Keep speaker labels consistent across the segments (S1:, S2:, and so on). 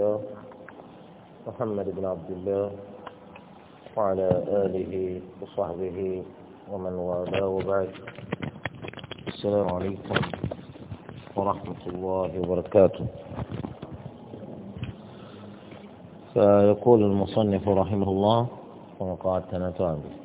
S1: الله محمد بن عبد الله وعلى آله وصحبه ومن والاه وبعد السلام عليكم ورحمة الله وبركاته فيقول المصنف رحمه الله وقعدتنا تعمل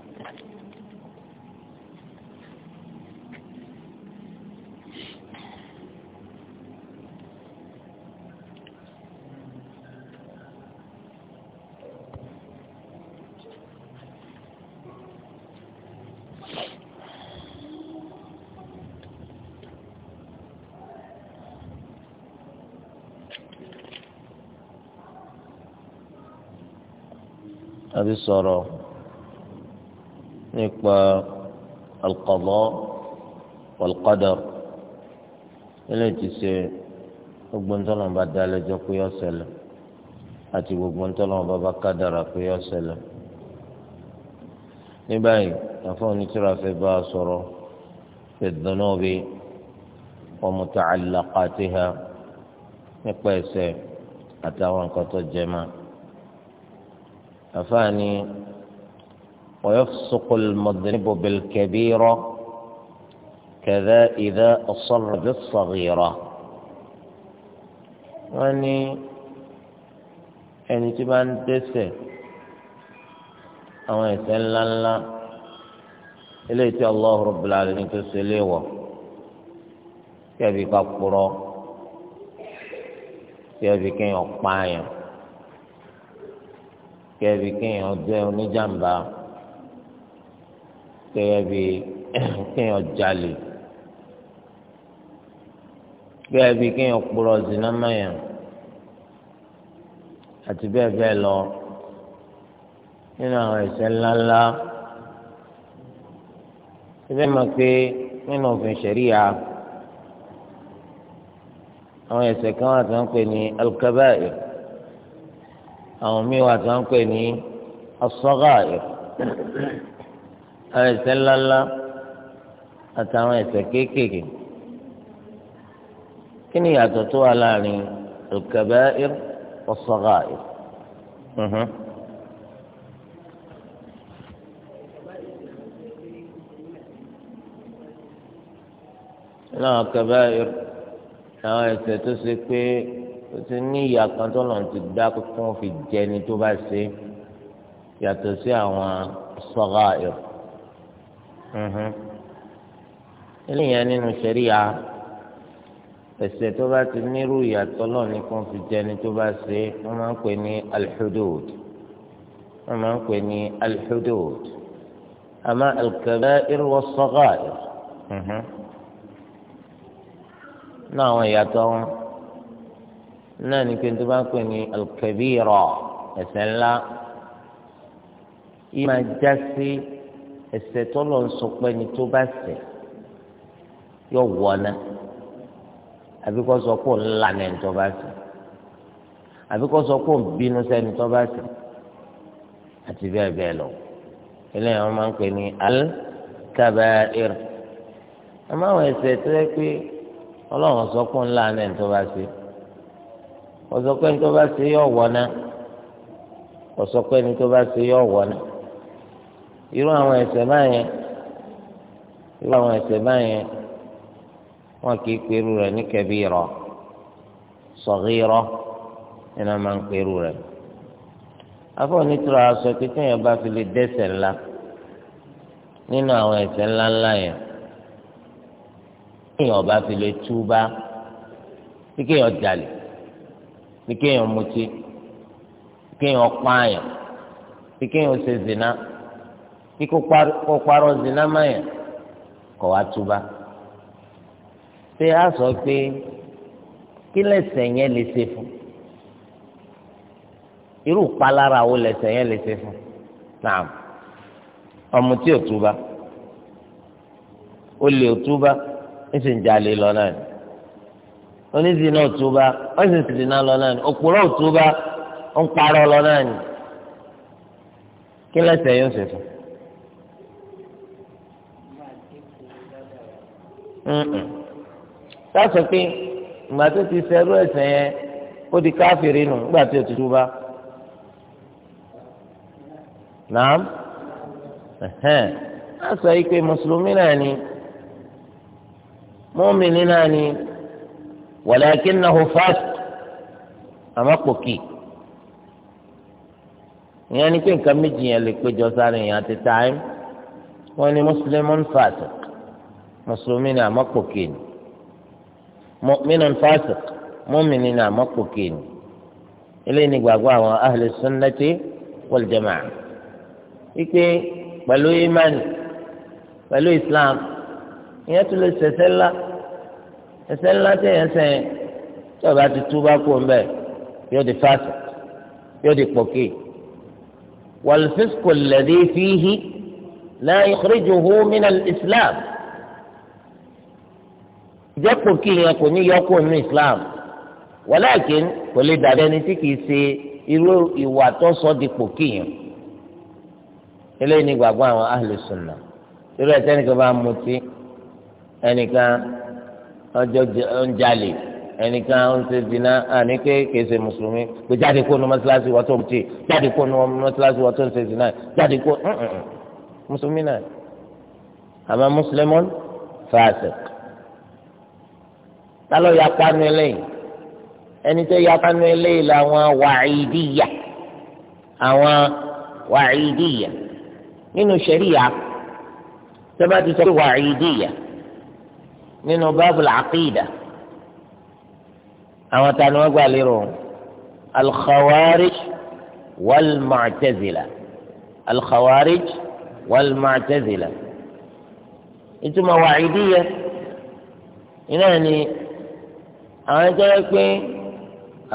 S1: àbí sọ̀rọ̀ nípa alqada walqadar ilé ti ṣe gbogbo ntọ́nà bá dá lẹ́jọ́ pé yọ ṣẹlẹ̀ àti gbogbo ntọ́nà bá bá kádàrà pé yọ ṣẹlẹ̀ ní báyìí àfọ̀ onítìrà fẹ́ bá a sọ̀rọ̀ fi dhunubi wa muta'allaqatiha nípa ẹ̀ṣẹ̀ àtàwọn nǹkan tó jẹ máa. أفاني ويفسق المذنب بالكبيرة كذا إذا أصر بالصغيرة يعني ẹni tí bá ń dẹ́ṣẹ̀ àwọn ẹ̀ṣẹ̀ ńláńlá eléyìí tí Allahu Rabbil Alamin tó ṣe léèwọ̀ kí ẹbí ká kúrọ kí ẹbí kéèyàn pààyàn kẹ́ẹ̀bí kéèyàn jẹ́ oníjàmbá kẹ́ẹ̀bí kéèyàn jalè kẹ́ẹ̀bí kéèyàn kpọ̀rọ̀ zinamáyà àti bẹ́ẹ̀ bẹ́ẹ̀ lọ nínú àwọn ẹ̀ṣẹ̀ ńláńlá síbẹ̀ máa pé nínú òfin ṣẹ̀ríya àwọn ẹ̀ṣẹ̀ kan wà tó pè ní alukabáyé àwọn míì wà tí wọ́n ń pè ní as-sagha'ir àwọn ẹ̀ṣẹ̀ ńláńlá àtàwọn ẹ̀ṣẹ̀ kéékèèké kí ni ìyàtọ̀ tó wà láàrin al-kaba'ir was mhm. náà kaba'ir àwọn ẹ̀ṣẹ̀ tó ṣe pé ó ti ní ìyá kan tó lọ́n ti dá kó tó fi jẹni tó bá ṣe yàtọ̀ sí àwọn sọ́gà ẹ̀rọ. Mhm. eléyìí nínú sẹ́ríà ẹ̀ṣẹ̀ tó bá ti nírú ìyàtọ̀ lọ́n ní kó fi jẹni tó bá ṣe wọ́n máa ń pè ní alḥudud wọ́n máa ń pè ní alḥudud àmọ́ alkaba'ir wa sọ́gà ẹ̀rọ mhm. náà àwọn ìyàtọ̀ wọn náà ní pé tó bá ń pè ní alkabira ẹ̀ṣẹ̀ ńlá yìí máa já sí ẹ̀ṣẹ̀ tó lọ ń sọ pé ní tó bá ṣẹ̀ yọ wọ náà àbí kó sọ pé òun lànà ẹni tó bá ṣẹ̀ àbí sọ pé òun bínú sẹ́ni tó bá ṣẹ̀ àti bẹ́ẹ̀ bẹ́ẹ̀ lọ eléyìí wọn máa ń pè ní alkabair àmọ́ àwọn ẹ̀ṣẹ̀ tó yẹ pé ọlọ́run sọ pé òun lànà ẹni tó bá ṣẹ̀ ọ̀sọ̀pẹ́ ní tó bá ṣe yọ̀ wọ́ná ọ̀sọ̀pẹ́ ní tó bá ṣe yọ̀ wọ́ná irú àwọn ẹ̀ṣẹ̀ báyẹn irú àwọn ẹ̀ṣẹ̀ báyẹn wọn kì í peru rẹ̀ ní kabira saghira nínú àwọn máa ń peru rẹ̀ afọ nítorí aṣọ pípé yẹn bá fi lè dẹ́ṣẹ̀ ńlá nínú àwọn ẹ̀ṣẹ̀ ńláńlá yẹn kéèyàn bá fi lè túbá kéèyàn jalè ní kéèyàn mutí kéèyàn pààyàn ní kéèyàn ṣe zina kí kó parọ́ zina máyà kọ̀ wá túbá ṣé a sọ pé kí lẹ́ṣẹ̀ yẹn lè ṣe fún irú palára wo lẹ́ṣẹ̀ yẹn lè ṣe fún náà ọmọ tí ò túbá olè ò túbá ń ń jalè lọ náà ni oníṣìnà òtúbá ọ̀sìn ìṣìnà lọ náà ni òpùrọ̀ òtúbá ó ń parọ́ lọ náà ni kí lẹ́sẹ̀ yóò ṣe fún. sáàsọ pé ìgbà tó ti ṣerú ẹ̀ṣẹ̀ yẹn ó di káfíìrì nù nígbà tí òtútù bá nàám á sọ yìí pé mùsùlùmí náà ni mùmínì náà ni walakinahu fasiq àmọ́ pòkì ìyẹn ni pé nǹkan méjì yẹn lè péjọ sáré yẹn àti táìm wọ́n ní muslimun fasiq mùsùlùmí ni àmọ́ pòkì ni mu'minun fasiq mu'mini ni àmọ́ pòkì ni eléyìí ni gbàgbọ́ àwọn ahli sunnati wal jama'a wípé pẹ̀lú imani pẹ̀lú islam ìyẹn tún lè ṣẹ̀ṣẹ̀ ńlá ẹ̀ṣẹ̀ ńlá tẹ̀yàn sẹ́yìn tí ọba ti tú bá kú ọ̀nbẹ yóò di fásitì yóò di pòkè wàlfíṣkò lẹ́dí fíhí náà ìkúrẹ́jù hó mínà islam ìjẹ́ pòkè yẹn kò ní yọkù ní islam wàláàkín kò lè dàbí ẹni tí kìí ṣe irú ìwà tó sọ di pòkè yẹn eléyìí ni gbàgbọ́ àwọn ahlùsùnà irú ẹ̀ tẹ́nìkan bá mutí ẹnìkan ọjọ́ ọ̀njalè ẹnìkan ń ṣe zina àní pé kìí ṣe mùsùlùmí pé jáde kó nu mọ́ṣáláṣí wọ́n tó ń tì jáde kó nu mọ́ṣáláṣí wọ́n tó ń ṣe zina jáde kó mm, mm, mm. mùsùlùmí náà àmọ́ mùsùlùmọ́n fàṣẹ. tálọ́ yapa nu eléyìí ẹni tó yapa nu eléyìí làwọn wàhídìyà àwọn wàhídìyà nínú ṣẹ̀ríyà tẹ́lẹ̀ ti sọ pé wàhídìyà nínú bábùlù àkìdá àwọn ta ni wọ́n gbà lérò alkhawarij walmu'tazila alkhawarij walmu'tazila ìtumọ̀ wàhídìyẹ iná ni àwọn ẹjọ́ yẹ pé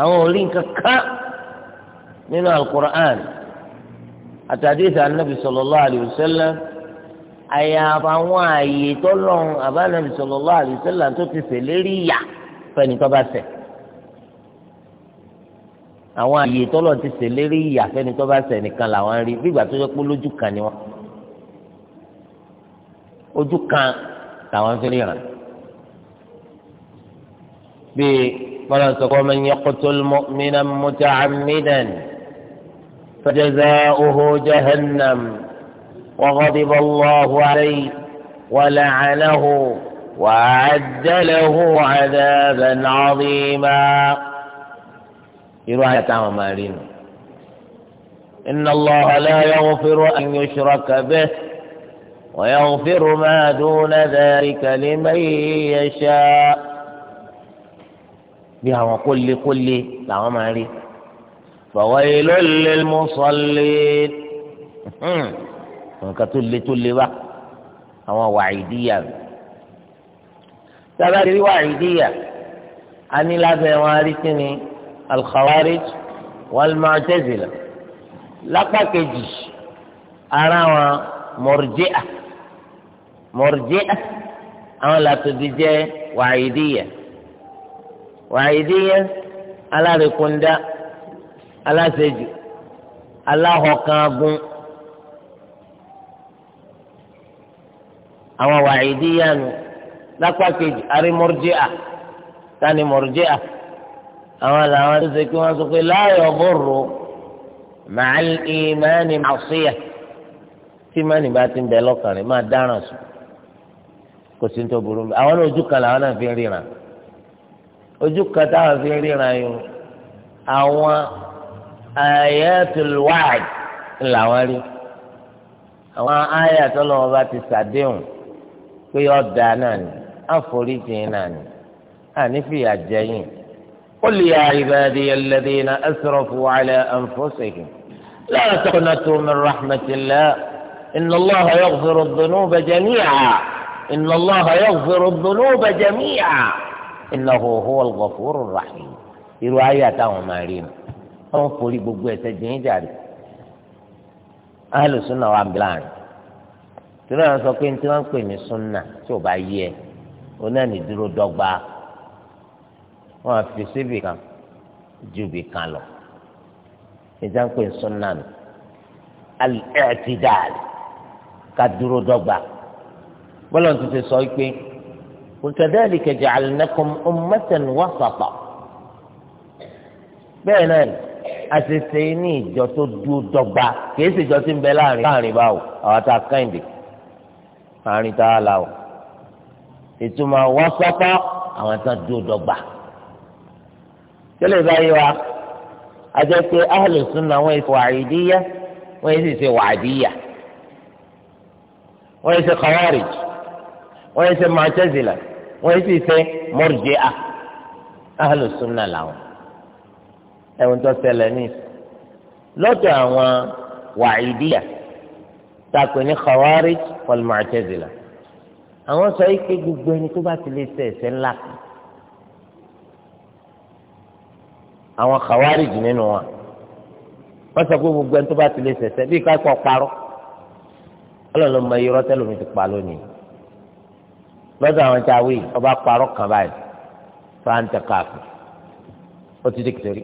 S1: àwọn ò rí nǹkan ká nínú alukur'an àtàdé ìsàn nàbì sallallahu alaihi wasallam àyàfà àwọn ààyè tọ́lọ́run àbálẹ̀mí sallallahu alaihi wasallam tó ti ṣèlérí ìyà fẹ́ni tó bá ṣẹ̀. àwọn ààyè tọ́lọ́run ti ṣèlérí ìyà fẹ́ni tó bá ṣẹ̀ nìkan làwọn rí bígbà tó yẹ pé lójú kan ni wọ́n. ojú kan làwọn fi ríran. bíi wọn sọ pé man yaqtul mu'minan muta'ammidan fajaza'uhu jahannam. وغضب الله عليه ولعنه وأعد له عذابا عظيما رواية عمارين إن الله لا يغفر أن يشرك به ويغفر ما دون ذلك لمن يشاء بها وقل قل لي فويل للمصلين nǹkan tó le tó le wá àwọn wàhídíyà rẹ sábà rí wàhídíyà a ní lábẹ́ wọn rí kíni alkhawarij walmu'tazila lápá kejì ara wọn mọ̀rọ̀jẹ́à mọ̀rọ̀jẹ́à àwọn làtòbí jẹ́ wàhídíyà wàhídíyà alárèkúndá aláṣejù aláhọ̀kángun. àwọn wàhídíyàánu lápá kejì àrí mọ́rjíà tani mọ́rjíà àwọn làwọn tó ṣe kí wọ́n sọ pé láàyò bòrò màá ìmáàní màṣíyà tí màá nìbá ti ń bẹ lọ́kàn rẹ̀ máa dáràn sùn kò sí ní tó burú mi àwọn ojú kan làwọn náà fi ń ríran ojú kan táwọn fi ń ríran yìí àwọn ayatul làwọn rí àwọn ayatollah ti sàdéhùn pé ọ̀dà náà ni àforíjì náà ni ànífìyà jẹyìn. قل يا عبادي الذين أسرفوا على أنفسهم لا تقنطوا من رحمة الله إن الله يغفر الذنوب جميعا إن الله يغفر الذنوب جميعا إنه هو الغفور الرحيم irú ayé àtàwọn máa rí nu wọn forí gbogbo ẹsẹ jìn jàre alùsùn náà wà bíláàrin torí àwọn sọ pé ní tí wọ́n ń pè ní súnà tí ò bá yí ẹ oná ní dúró dọ́gba wọ́n á fi síbì kan ju bì kan lọ ní tí wọ́n ń pè ní súnà nù al ká dúró dọ́gba bọ́lá tó ti sọ pé wa kadhalika ja'alnakum ummatan wasata bẹ́ẹ̀ náà àṣìṣe ní ìjọ tó dúró dọ́gba kì sì jọ sí ń bẹ láàrin báwo àwọn tá a kàn dé. àárín tá a là o ìtumọ̀ wọ́n sọ́kọ́ àwọn tán dúró dọ́gba tẹ́lẹ̀ báyìí wa a jẹ́ pé ahlus sunna wọ́n èso àìdíyà wọ́n èso ìṣe wàdíyà wọ́n èso khawarij wọ́n èso màtẹ́zìlà wọ́n èso ìṣe mọ́rìjẹ́à ahlus sunna làwọn ẹ̀wọ̀n tó ní àwọn tàpé ní khawarij wal mu'tazila àwọn sọ yìí pé gbogbo ẹni tó bá ti lè ṣe ẹ̀ṣẹ̀ ńlá kan àwọn khawarij nínú wa wọ́n sọ pé gbogbo ẹni tó bá ti lè ṣe ẹ̀ṣẹ̀ bíi káàkó parọ́ ọlọ́run mọ irọ́ tẹ́lómi ti pa lónìí lọ́dọ̀ àwọn tí a wí ọba parọ́ kan báyìí fáńtẹ̀ káàkiri ó ti dìkìtì rí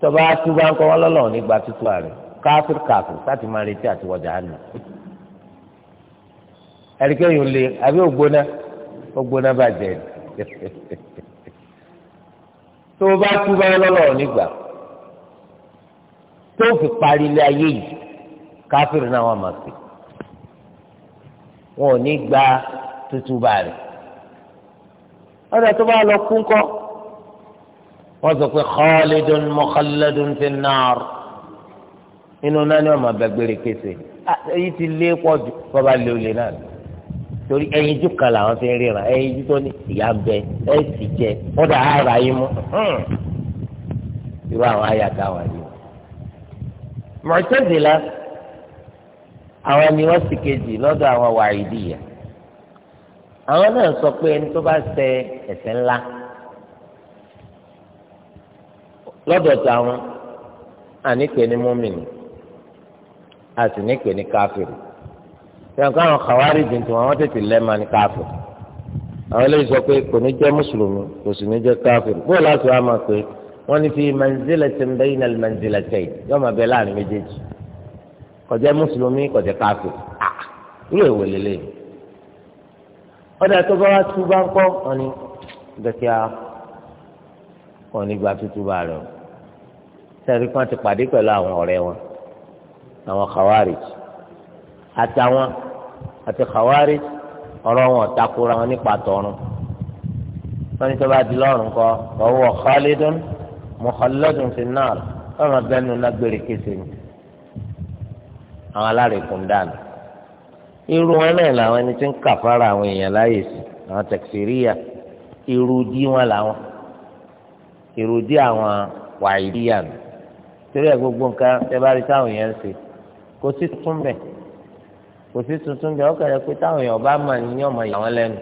S1: tọ́ba túbá ń kọ́ wọn lọ́lọ́run nígbà tútù àárẹ̀ káfíìr káfíìr sáti máa retí àti wọjà àná ẹ̀ríkẹ́ yìí lè àbí ògbóná ògbóná bàjẹ́ tó o bá kú báyìí lọ́lọ́rọ̀ nígbà tó o fi parí ilé ayé yìí káfíìr náà wà máa fi wọn ò ní gba tuntun bá rẹ̀
S2: ọ̀dà tó bá lọ kú ńkọ́
S1: wọ́n sọ pé khalidun mukhalladun fin nar inú náà ni wọn máa bẹgbẹrẹ kése èyí ti lé pọ̀ jù bọba lé olè náà torí ẹyin jù kan làwọn fi ríran ẹyin jù tó ní ìyá bẹ ẹ sì jẹ wọn dà á ra yín mú hmm. irú àwọn àyàtà wà ní. Mu'tazila àwọn ni wọ́n sì kejì lọ́dọ̀ àwọn wàrídìyà àwọn náà sọ pé ẹni tó bá ṣe ẹ̀ṣẹ̀ ńlá lọ́dọ̀ tàwọn àníkè ní mùmínì a sì ní pè ní káfíìrì ìyẹn kó àwọn kàwárí dì tí wọn tètè lẹ́ẹ̀ma ní káfíìrì àwọn eléyìí sọ pé kò ní jẹ́ mùsùlùmí kò sì ní jẹ́ káfíìrì bóyá láti wá máa pé wọ́n ní fi manzilatin bayna al-manzilatayn yóò máa bẹ láàrin méjèèjì kò jẹ́ mùsùlùmí kò jẹ́ káfíìrì ah irú èwo lélẹ́yìn ọ̀dà tó bá wá tú bá ń kọ́ ọ̀ni dọ́kíá ọ̀ni gba tútù bá rẹ̀ o sẹ́rí kan ti pàdé pẹ̀lú àwọn ọ̀rẹ́ wọn àwọn khawarij àtàwọn àti khawarij ọ̀rọ̀ wọn takora wọn nípa tọ̀run wọn ní tó bá di lọ́rùn kọ́ ọwọ́ khalidun mukhalladun fi nar wọn máa bẹ́ẹ̀ nu lágbèrè kése ni àwọn alárèkún dànù irú wọn náà làwọn ẹni tí ń kàfàrà àwọn èèyàn láyè sí àwọn tẹkisìríyà irudi wọn làwọn irudi àwọn wàyíríyà nù torí ẹ gbogbo nǹkan ẹ bá rí táwọn èèyàn ń ṣe kò sí tuntun bẹ̀ kò sí tuntun bẹ̀ ọkọ̀ rẹ̀ pé táwọn èèyàn bá mọ̀ ní ọmọ ìyá wọn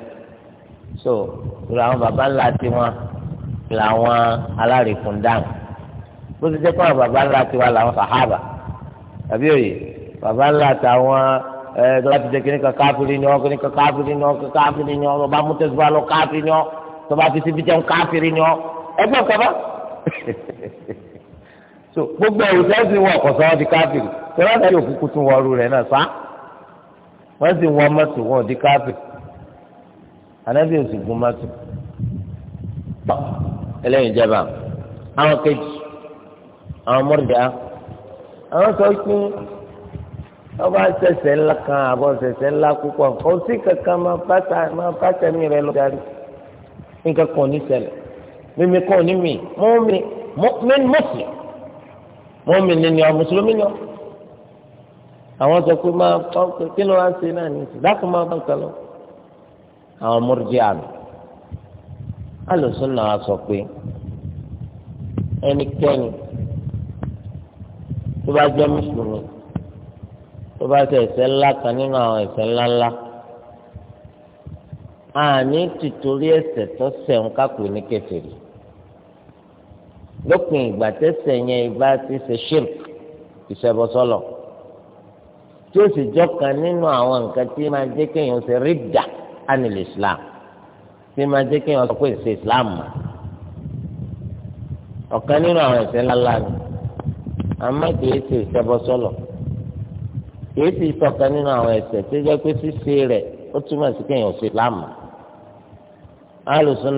S1: so ìrọ̀ àwọn baba ńlá tiwọn làwọn alárìkún dáhùn bó ti jẹ́ pé àwọn baba ńlá tiwọn làwọn sàhábà àbí òye baba ńlá tàwọn ẹ tó bá ti jẹ́ kíní kan káfíìrì ni ọ́ kíní kan káfíìrì ni ọ́ kíní kan káfíìrì ni ọ́ tó bá mú tẹ̀síwá lọ káfíìrì ni ọ́ tó bá fi síbi jẹun káfíìrì ni ọ́ ẹgbẹ́ kaba so gbogbo ẹ̀rù sẹ́sìn wọn kọ̀ sọ́wọ́ di káfíìrì tẹ́lá náà yóò kúkú tún wọ́ọ́rù rẹ̀ náà sá wọ́n sì wọ́n mọ́tò wọn di káfí anábì òsì gun mọ́tò pọ̀ ẹlẹ́yìn ìjẹba àwọn kejì àwọn mọ́rìndà àwọn sọ pé ọba ṣẹ̀ṣẹ̀ ńlá kan àbọ̀ ṣẹ̀ṣẹ̀ ńlá púpọ̀ kò sí kankan máa bá sẹ́mi rẹ lọ darí nǹkan kan ò ní ṣẹlẹ̀ mímí kan ò ní mì mọ́mí mọ́mí mọ́mí ni ọ mùsùlùmí ni ọ àwọn sọ pé máa tọ́ kí ló wá ṣe náà ní ìsìn dákun máa bá kalọ́ àwọn mọ́rìjì àná alùsùn náà sọ pé ẹnikẹ́ni tó bá jẹ́ mùsùlùmí tó bá ṣe ẹ̀ṣẹ̀ ńlá kan nínú àwọn ẹ̀ṣẹ̀ ńlá ńlá àní tìtorí ẹ̀ṣẹ̀ tó ṣẹ̀ ń kápò ní kèfèrí lópin ìgbà tẹ́ṣẹ̀ yẹn ìbá ti ṣe ṣírk ìṣẹbọsọlọ. tí ó sì jọkan nínú àwọn nǹkan tí ma jẹ́ kéèyàn ṣe rídà ánìlì islam tí ma jẹ́ kéèyàn sọ pé ṣe islam mọ́ ọ̀kan nínú àwọn ẹ̀ṣẹ̀ ńláńlá ni àmọ́ kìí ṣe ìṣẹ́bọsọ́lọ̀ kìí ṣe ìtọ́kan nínú àwọn tí tó jẹ́ pé ṣíṣe rẹ̀ ó túmọ̀ sí kéèyàn islam sọ ọlọ́run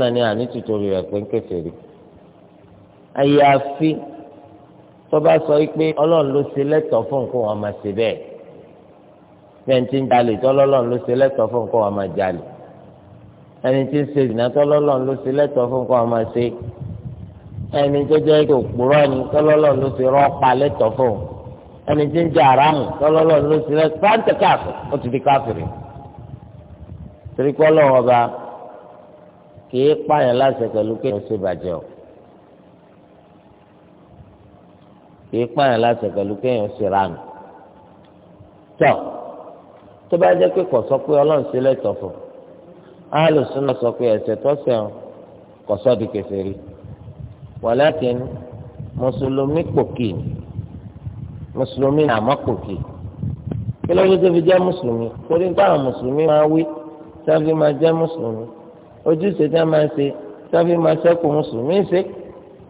S1: ló ṣe fún nǹkan ẹni tí ń jalè tọ́lọ́lọ́n ló ṣe lẹ́tọ̀ọ́ fún nǹkan wà máa jalè ẹni tí ń ṣe ìdìnnà tọ́lọ́lọ́n ló ṣe lẹ́tọ̀ọ́ fún nǹkan wà máa ṣe ẹni tó jẹ́ kí òpùrọ́ ni tọ́lọ́lọ́n ló ṣe rọ́ọ̀pá lẹ́tọ̀ọ́ fún ẹni tí ń jẹ àràmù tọ́lọ́lọ́n ló ṣe lẹ́tọ̀ọ́ fáńtẹ̀ káàfù ó ti di káfìrì torí pé ọlọ́run ọba kì í pààyàn láṣẹ pẹ̀lú pé ó ṣe bàjẹ́ o kì í pààyàn láṣẹ pẹ̀lú pé ó ṣe ránù tọ́. So, tó bá jẹ́ pé kò sọ pé ọlọ́run ṣe lẹ́tọ̀ fún alùsùnà sọ pé ẹ̀ṣẹ̀ tó sẹ̀wọ̀n kò sọ di kèfèrí wàlákin mùsùlùmí pòkì mùsùlùmí àmọ́ pòkì kí ló dé tó fi jẹ́ mùsùlùmí torí nípa àwọn mùsùlùmí máa wí sáfì máa jẹ́ mùsùlùmí ojúṣe tá máa ṣe sáfì máa ṣẹ́kù mùsùlùmí ṣe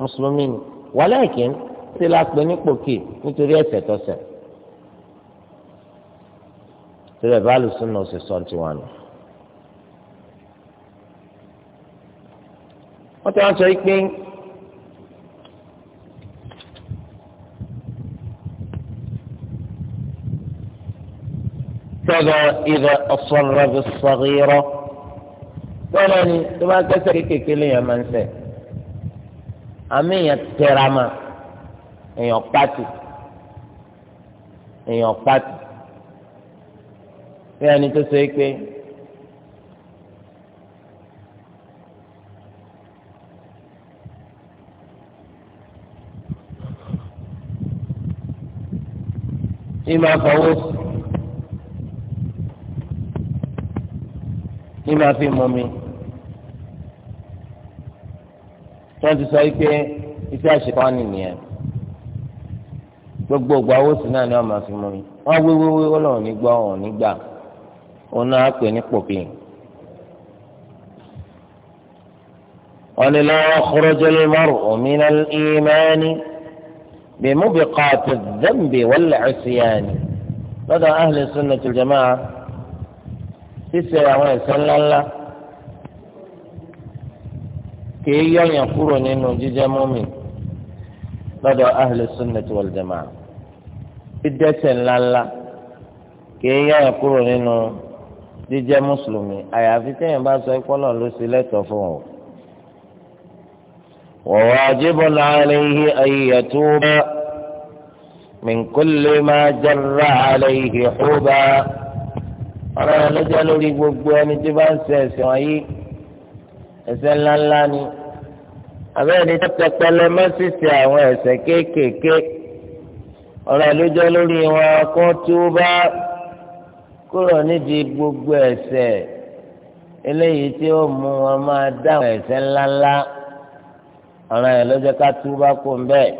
S1: mùsùlùmí ni wàlákin tí la pè ní pòkì nítorí ẹ̀ṣẹ̀ tó ṣẹ̀ síbẹ̀ bá lùsùn náà ṣe sọ́ọ́ tiwọn nù. wọ́n ti wá sọ pé
S2: kẹ́gà ìdá ọ̀sọ̀rọ̀ bí sọ̀rọ̀
S1: tọ́lá ni tó bá kẹ́sẹ̀ kékeré lèèyàn máa ń sẹ̀ àmì èèyàn tẹ̀ra ma èèyàn pàtì èèyàn pàtì. bí ni tó sọ pé ìmọ̀ àfọwọ́ ìmọ̀ àfi mọ́ mi wọ́n ti sọ pé iṣẹ́ àṣekọ́ni nìyẹn gbogbo ògbà owó sí náà ni wọ́n máa fi mọ́ mi wọ́n wíwíwí ó lọ́wọ́ nígbà ọ̀hún òun náà pè ní pòbí. wọ́n ní lọ́wọ́ ọkọ̀rọ̀jọ́ lọ́rùn òmìnira ìmánì bẹ̀mú bí kọ́ọ̀tù dẹ́mbì wọ́n lẹ̀ ẹ̀sìyàní. lọ́dọ̀ ahlẹ̀ sunna tó jẹ́mọ́ a ṣíṣe àwọn ẹ̀ṣẹ̀ ńláńlá kìí yọ̀yàn kúrò nínú jíjẹ́ mọ́mì sunna tó wọ́n jẹ́mọ́ a. dídẹ́ṣẹ̀ ńláńlá kìí yọ̀yàn kúrò jíjẹ́ mùsùlùmí àyàfi téèyàn bá sọ ikú náà ló ṣe lẹ́tọ̀ọ́ fún ọ. wa wajibun alayhi an yatuba min kulli ma jarra alayhi huba. ọ̀rọ̀ yẹn ló jẹ́ lórí gbogbo ẹni tí bá ń ṣe ẹ̀ṣẹ̀ wọ̀nyí ẹ̀ṣẹ̀ ńláńlá ni àbẹ́ẹ̀ni tẹ́tẹ́pẹ́lẹ́ mẹ́sìsì àwọn ẹ̀ṣẹ̀ kéékèèké ọ̀rọ̀ yẹn ló jẹ́ lórí wọn kó túbá kúrò nídìí gbogbo ẹ̀ṣẹ̀ eléyìí tí ó mú wọn máa dáhùn ẹ̀ṣẹ̀ ńláńlá ọ̀ràn ẹ̀ ló jẹ́ ká túbá kó ń bẹ́ẹ̀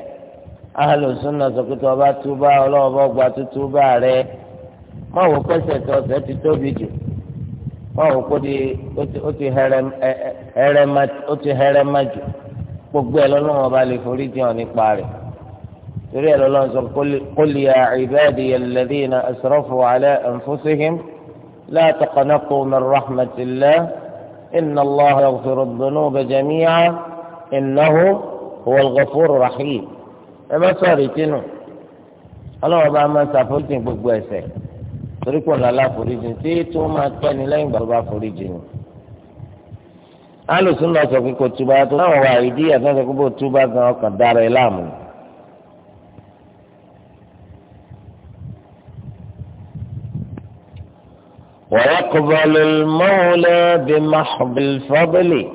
S1: alùsùnà sọ̀kìtà ọba túbá ọlọ́wọ́ bá gba túbá rẹ má wò pẹ́sẹ̀ tó ọ̀sẹ̀ ti tóbi jù má wò kó di ó ti hẹrẹ má jù gbogbo ẹ̀ lọ́lọ́wọ́ bá lè forí jẹun nípa rẹ̀ torí ẹ̀ lọ́lọ́run sọ qul ya ibadiya alladhina asrafu ala anfusihim la taqnatu min rahmatillah inna Allaha yaghfiru dhunuba jami'an innahu huwal ghafurur rahim ẹ má sọ̀rọ̀ ìtinú ọlọ́run bá máa ṣàforíjì gbogbo ẹ̀ṣẹ̀ torí pọ̀ lọ́la foríjì tí tó máa tẹ́ni lẹ́yìn ìgbà tó bá foríjì ni. alùsùn lọ sọ pé kò túbà tó náà wà ìdí ẹ̀sán sọ pé bó túbà gan ọkàn dára ẹ̀ láàmú ni. ويقبل المولى بمحض الفضل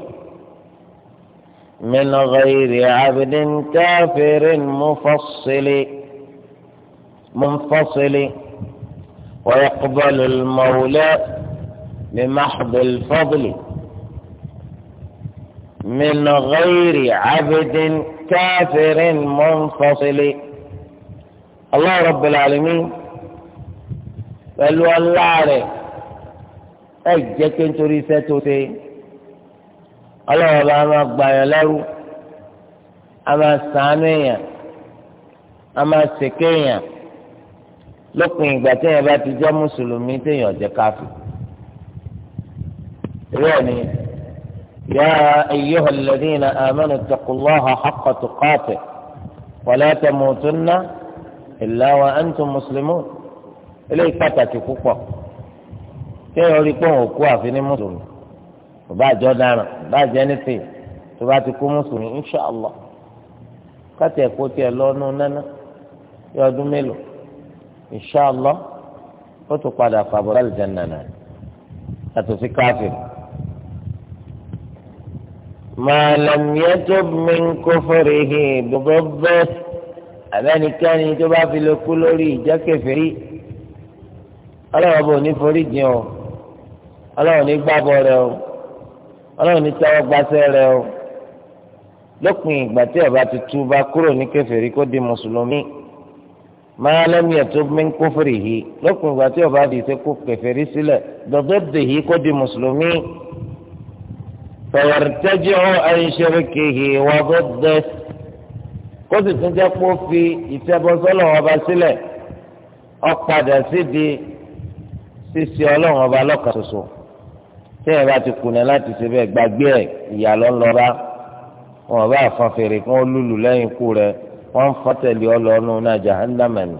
S1: من غير عبد كافر مفصل منفصل ويقبل المولى بمحض الفضل من غير عبد كافر منفصل الله رب العالمين
S2: بل والله
S1: láì jẹ́ pé nítorí iṣẹ́ tó ṣe ọlọ́wọ́ bá máa gbà yàn lẹ́rú a máa sàánú èèyàn a máa ṣèké èèyàn lópin ìgbà téèyàn bá ti jẹ́ mùsùlùmí téèyàn jẹ́ káfí. bẹ́ẹ̀ ni yá ayyuha alladhina amanu ittaqullaha haqqa tuqatih wa la tamutunna illa wa antum muslimun eléyìí pàtàkì púpọ̀ kéèyàn rí pé òun kú àfi ní mùsùlùmí kò bá àjọ dáràn kò bá àjẹ nífẹ̀ẹ́ tó bá ti kú mùsùlùmí inṣàlá káti ẹ̀kọ́ tiẹ̀ lọ́nu nánà bí ọdún mélòó inṣàlá ó tún padà fàbọ̀ lálùjẹ nànà yàtọ̀ sí káfíìn. ما لم يتب من كفره بضبه أباني tó bá fi lè kú lórí ìjẹ́ kèfèrí ọlọ́wọ́ bò ní foríjìn o ọlọ́run ní gbàbọ̀ rẹ o ọlọ́run ní tẹ́wọ́ gbàṣẹ́ rẹ o lópin ìgbà tí ọba tuntun bá kúrò ní kèfèrí kó di mùsùlùmí máa lẹ́mìí ẹ̀ tó min kufrihi lópin ìgbà tí ọba di ìṣekú kèfèrí sílẹ̀ dọ̀dọ̀ dèhí kó di mùsùlùmí
S2: fẹ̀yàrìtẹ́jọ́ ẹ̀ńṣẹ̀rẹ̀kẹ̀hì
S1: wà bó dẹ́ kó sì tún jẹ́ kó fi ìtẹ́bọ́sọ́lọ̀ ọba sílẹ̀ ọ̀padà sídìí ṣíṣe ọlọ́run ọba lọ́kàn tẹ́yìn bá ti kùnà láti ṣe bẹ́ẹ̀ gbàgbé ẹ̀ ìyá lọ́nlọ́ra wọn bá fọn fèrè kí wọ́n lùlù lẹ́yìn ikú rẹ̀ wọ́n ń fọ́tẹ̀lì ọlọ́nu náà jahannama ni.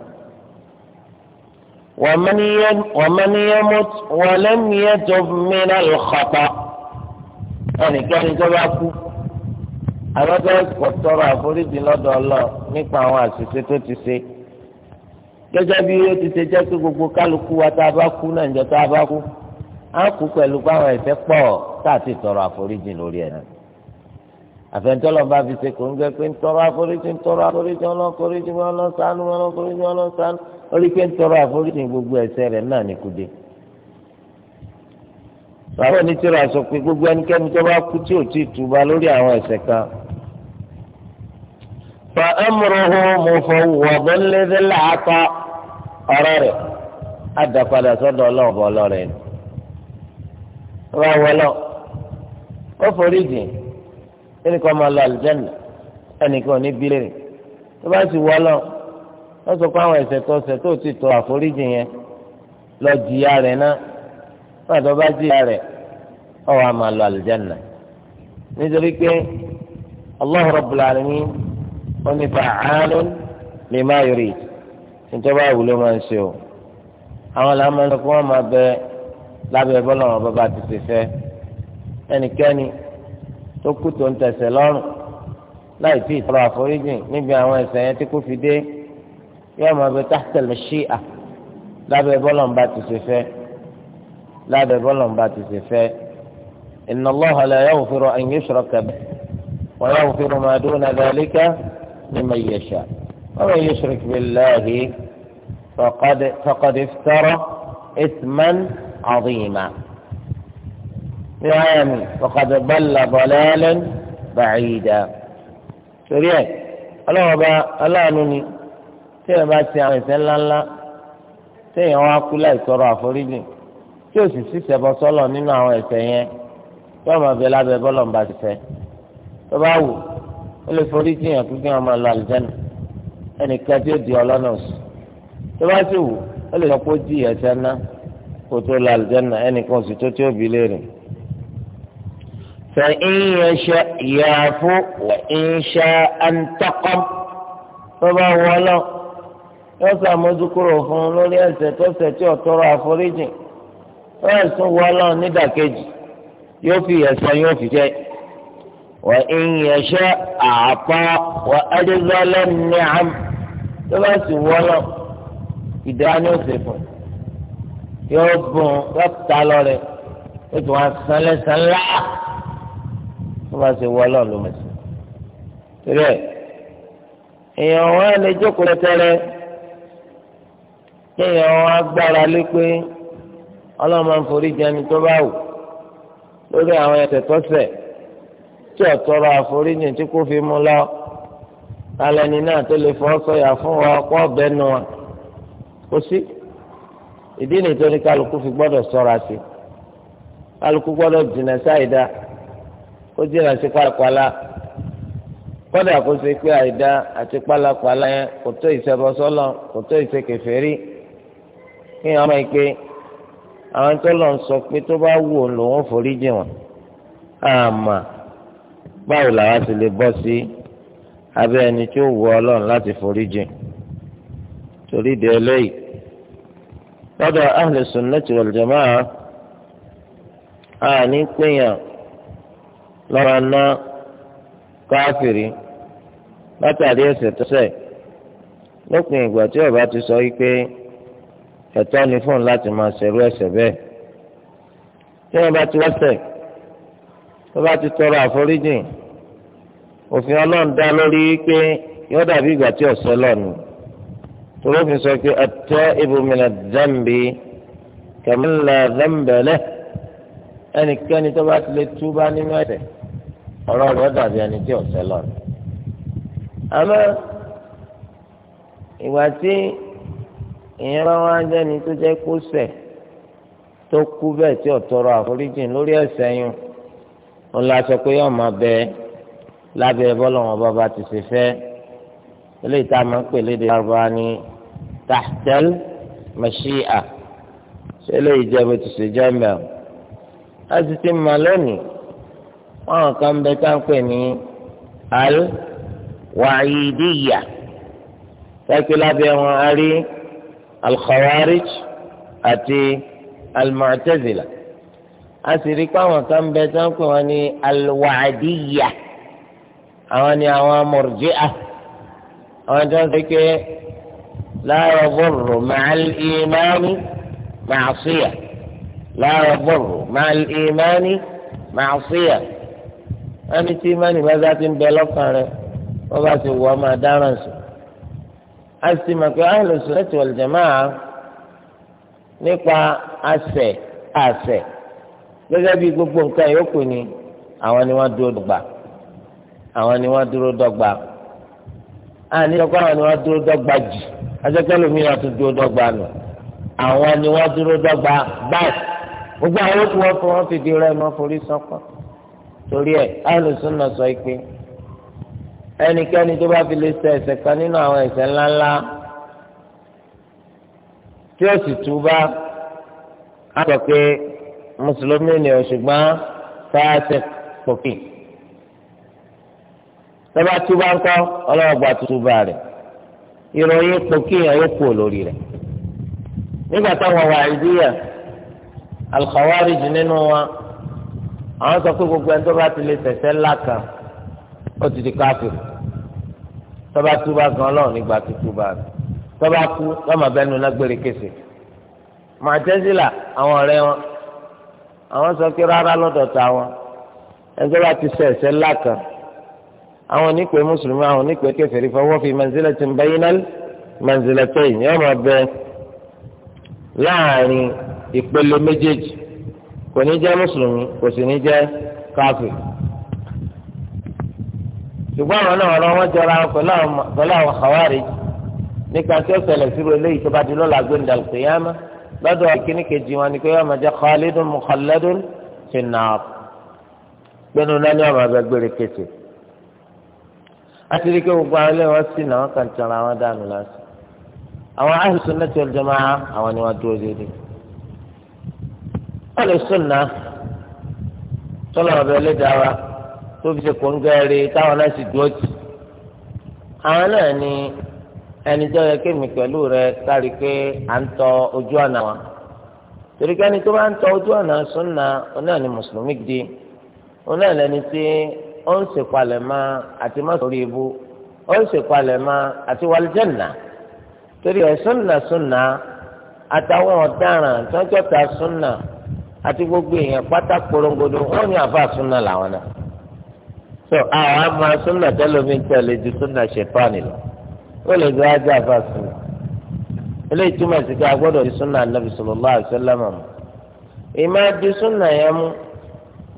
S2: ومن يمت ولم يتب من الخطأ
S1: ẹnikẹ́ni tó bá kú àbájáde kò àforíjì lọ́dọ̀ Ọlọ́run nípa àwọn àṣìṣe tó ti ṣe gẹ́gẹ́ bí ó ti ṣe jẹ́ pé gbogbo kálukú wa tá a bá kú náà ń jẹ́ tá a bá kú. A kú pẹ̀lú pàwọn ẹ̀ṣẹ̀ pọ̀ káàtì tọrọ àforíjì lórí ẹ̀ náà àfẹnutọ́lọ́ bá fi ṣe kò ń pé ń tọrọ àforíjì ń tọrọ àforíjì ọlọ́kọ̀ọ́ríjì ọlọ́sánú ọlọ́kọ̀ọ́ríjì ọlọ́sánú ó rí pé ń tọrọ àforíjì gbogbo ẹ̀ṣẹ̀ rẹ̀ náà ní gbogbo ẹnikẹ́ni tó bá kú tí ò tí ì túba lórí àwọn kan. fa ọba wọlọ ó forí jìn ẹni kan máa lọ àlùjẹ́nà ẹnì kan ní bílẹ̀rì
S2: tó bá sì wọlọ
S1: wọ́n sọ pé àwọn ẹ̀ṣẹ̀ tó ṣẹ̀ tó ti tọ́ àforíjìn yẹn lọ jìyà rẹ̀ náà wọ́n àti ọba jìyà rẹ̀ ọwọ́ àmà lọ àlùjẹ́nà nítorí pé Allah Rabbul Alamin wọ́n ní fa'alun lima yurid nítorí wọ́n àwùlọ́ máa ń ṣe o àwọn làwọn máa ń sọ pé wọ́n máa bẹ lábẹ́ bọ́lọ́run bàbá ti ṣe fẹ́ ẹnikẹ́ni tó kú tó ń tẹ̀sẹ̀ lọ́rùn láì ti ìtọrọ àforíjì níbi àwọn ẹ̀ṣẹ̀ yẹn tí kò fi dé yóò máa bẹ lọ́hàlẹ̀ ẹ̀yà lábẹ́ bọ́lọ́run bá ti ṣe fẹ́ lábẹ́ bọ́lọ́run bá ti ṣe fẹ́ inna Allaha la yaghfiru an yushraka bihi wa yaghfiru ma duna dhalika liman yasha wa man yushrik billahi faqad faqad iftara ithman. عظيما يعني وقد ضل ضلالا بعيدا سوريا الله با الله نوني تي با تي àwọn ìṣẹ̀ ńlá ńlá tي yan wa kula ìtọrọ àforíjì tí ó sì sì ṣẹbọ sọ́lọ̀ nínú àwọn ẹ̀ṣẹ̀ yẹn tí ó máa bẹ lábẹ́ bọ́lọ̀ ń bá ti fẹ́ tó bá wù ó lè forí jì yàn kí wọ́n máa lọ àlùjánnà ẹnìkan tí ó di ọlọ́nà sùn tó bá sì wù ó lè sọ pé ó jì ẹ̀ṣẹ̀ náà kó tó la àlùjáná ẹnìkan sì tó tí ó bi léèrè. فإن يشاء يعفو وإن شاء انتقم tọ́ba wọlọ́ yóò sàmójúkúrò fún un lórí ẹ̀ṣẹ̀ tọ́ṣẹ̀ tí ò tọrọ àforíjì yóò ẹ̀sùn wọlọ́ nídàkejì yóò fi ẹ̀san yóò fi jẹ́ wà ìyẹ̀ṣẹ́ àpá wà ẹ́dẹ́gbẹ́lẹ́ ní àm sì wọlọ́ ìdá ó ṣe fún un yóò bùn yóò ta lọ́rẹ̀ ó tún wá san lẹ́sàn ńlá wọ́n bá ṣe wọ́ ọlọ́run ló mọ̀ sí. torí ẹ̀ èèyàn wọn lè jókòó tẹ́tẹ́rẹ́ kí èèyàn wọn agbára lé pé ọlọ́run máa ń forí jẹni tó bá wù lórí àwọn ẹsẹ̀ tọ́sẹ̀ tí ọ̀tọ́rọ̀ àforíjì tí kò fi mú lọ alẹ́ ní náà tó lè fọ́ sọ̀yà fún wa kó ọ̀bẹ nu wa kò sí ìdí ni tó ní kálukú fi gbọ́dọ̀ ṣọ́ra sí kálukú gbọ́dọ̀ jìnnà sáìdá kó jìnnà sí pálapàla kódà kó ṣe pé àìdá àti pálapàla yẹn kò tó ìṣẹbọsọlọ kò tó ìṣekèfèrí kí ni ọmọ ìpè àwọn tó lọ sọ pé tó bá wù ó lòun forí jì wọn àmà báwo làwọn ti lè bọ́ sí abẹ́ ẹni tó wù Ọlọ́run láti forí jì torí de eléyìí. lọ́dọ̀ ahlu sunnati wal jama'a àní pínyàn lọ́ra ná káfìrí látàrí ẹ̀ṣẹ̀ tó ṣẹ̀ lópin ìgbà tí ọba ti sọ wípé ẹ̀tọ́ ni fún láti máa ṣerú ẹ̀ṣẹ̀ bẹ́ẹ̀ tí wọ́n ti wáṣẹ̀ tó bá ti tọrọ àforíjì òfin ọlọ́run dá lórí wípé yóò ìgbà tí ọ̀sẹ̀ lọ́nu. torí òfin sọ pé at-ta'ibu min adh-dhanbi kaman la dhanba lahu ẹnikẹ́ni tó bá tilẹ̀ túbá nínú ẹ̀ṣẹ̀ ọ̀rọ̀ rẹ̀ dàbí ẹni tí ọ̀sẹ̀ lọ. àmọ́ ìwà tí ìyẹn wá jẹ́ni tó jẹ́ kó ṣẹ̀ tó kú bẹ́ẹ̀ tí ó àforíjìn lórí ẹ̀ṣẹ̀ yẹn wọn la sọ pé yóò máa bẹ lábẹ́ bọ́lọ̀ wọn ti ṣe fẹ́ eléyìí tá máa ń pè lédè lárúbáwá ní tàhtẹ́l mẹ́ṣíà ṣé lè jẹ́ bó ti ṣe jẹ́ mẹ́ọ̀. a ti ti mọ̀ lónìí wọn kan bẹ tá à ń pè ní al wàhídìyà
S2: sáàkì lábẹ́ wọn a
S1: rí alkhawarij àti almu'tazila a sì rí pé àwọn kan bẹ tá ń pè wọn ní alwàdìyà àwọn ni àwọn murji'ah àwọn tó ń sèké. لا يضر مع الإيمان معصية لا يضر مع الإيمان معصية ẹni tí imáni bá dá ti ń bẹ lọ́kàn rẹ̀ wọ́n bá ti wọ́ máa dáràn sí. a nípa bí gbogbo nǹkan yòókù ni àwọn ni dúró àwọn ni dúró àní àwọn ni ajẹkẹlẹ mi náà tún dúró dọ́gba nù àwọn ni wọn dúró dọ́gba báyìí gbogbo àwọn tí wọn fọ wọn fìdí rẹ mọ forí sọpọ torí ẹ alùsùn náà sọ pé ẹnikẹ́ni tó bá fi lè ṣe ẹ̀ṣẹ̀ kan nínú àwọn ẹ̀ṣẹ̀ ńláńlá tí ó sì túbá á sọ pé mùsùlùmí ni ṣùgbọ́n fàáṣẹ pòkì tọ́ba túbá ńkọ́ ọlọ́wọ́ gba túbá rẹ̀ ìròyìn ipò kéèyàn yóò kú lórí rẹ̀ nígbà táwọn wàhálìyà alkhawarij nínú wa àwọn sọ pé gbogbo ẹni tó bá ti lè tẹ̀sẹ̀ ńlá kan ó ti di káfíìn tó bá túbà gan lọ́wọ́ nígbà tó túbà kú lọ́mọ bẹ́ẹ̀ lágbèrè kése màtẹ́sílà àwọn ọ̀rẹ́ wọn àwọn sọ pé rárá lọ́dọ̀ tàwọn ẹni tó bá ti sẹ̀ ẹ̀sẹ̀ ńlá kan àwọn onípe mùsùlùmí àwọn onípe kèfèrí fọwọ́ fi manzilatin bainal manzilatayn yóò máa bẹ láàrin ìpele méjèèjì kò ní jẹ́ mùsùlùmí kò sì ní jẹ́ káfíìn ṣùgbọ́n àwọn náà wọn wọ́n jọra pẹ̀lú àwọn kàwárí nípa tí ó ṣẹlẹ̀ sí ilé yìí tó bá di lọ́la gbẹ̀ndà kìyàmá lọ́dọ̀ ìkíní kejì wọn ni pé wọ́n máa jẹ́ khalidun mukhalladun fi nnar gbẹ̀nu náà ni wọ́n máa bẹ gbére kété àti rí i pé gbogbo àwọn ilé wọn sì náà wọn kàn tẹ̀ra wọn dànù lásì àwọn ahlu sunnati wal jamaa àwọn ni wọn dúró déédéé wọn lè sunna tọ́lọ̀ ọ̀bẹ ẹlẹ́dàá wa tó fi ṣe kóńgẹ́rì táwọn náà sì dúró tì àwọn náà ni ẹni tó yẹ kémi pẹ̀lú rẹ kárí pé à ń tọ ojú ọ̀nà wa torí kẹ́ni tó bá ń tọ ojú ọ̀nà sunna onáà ni mùsùlùmí gidi onáà lẹni tí. ó ń ṣèpalẹ̀ mọ́ àti mọ́sọ̀rí ibú ó ń ṣèpalẹ̀ mọ́ àti wàlìjẹ́nà torí ẹ̀ súnà súnà àtàwọn ọ̀daràn súnà gbogbo èèyàn pátá korongodo wọn ní àfa súnà làwọn náà so àwọn àmà súnà tẹlifí tẹlẹ ju súnà ṣèpánì lọ ó lè gbé ajá àfa súnà eléyìí túmọ̀ sí a gbọ́dọ̀ di súnà nàbì sallallahu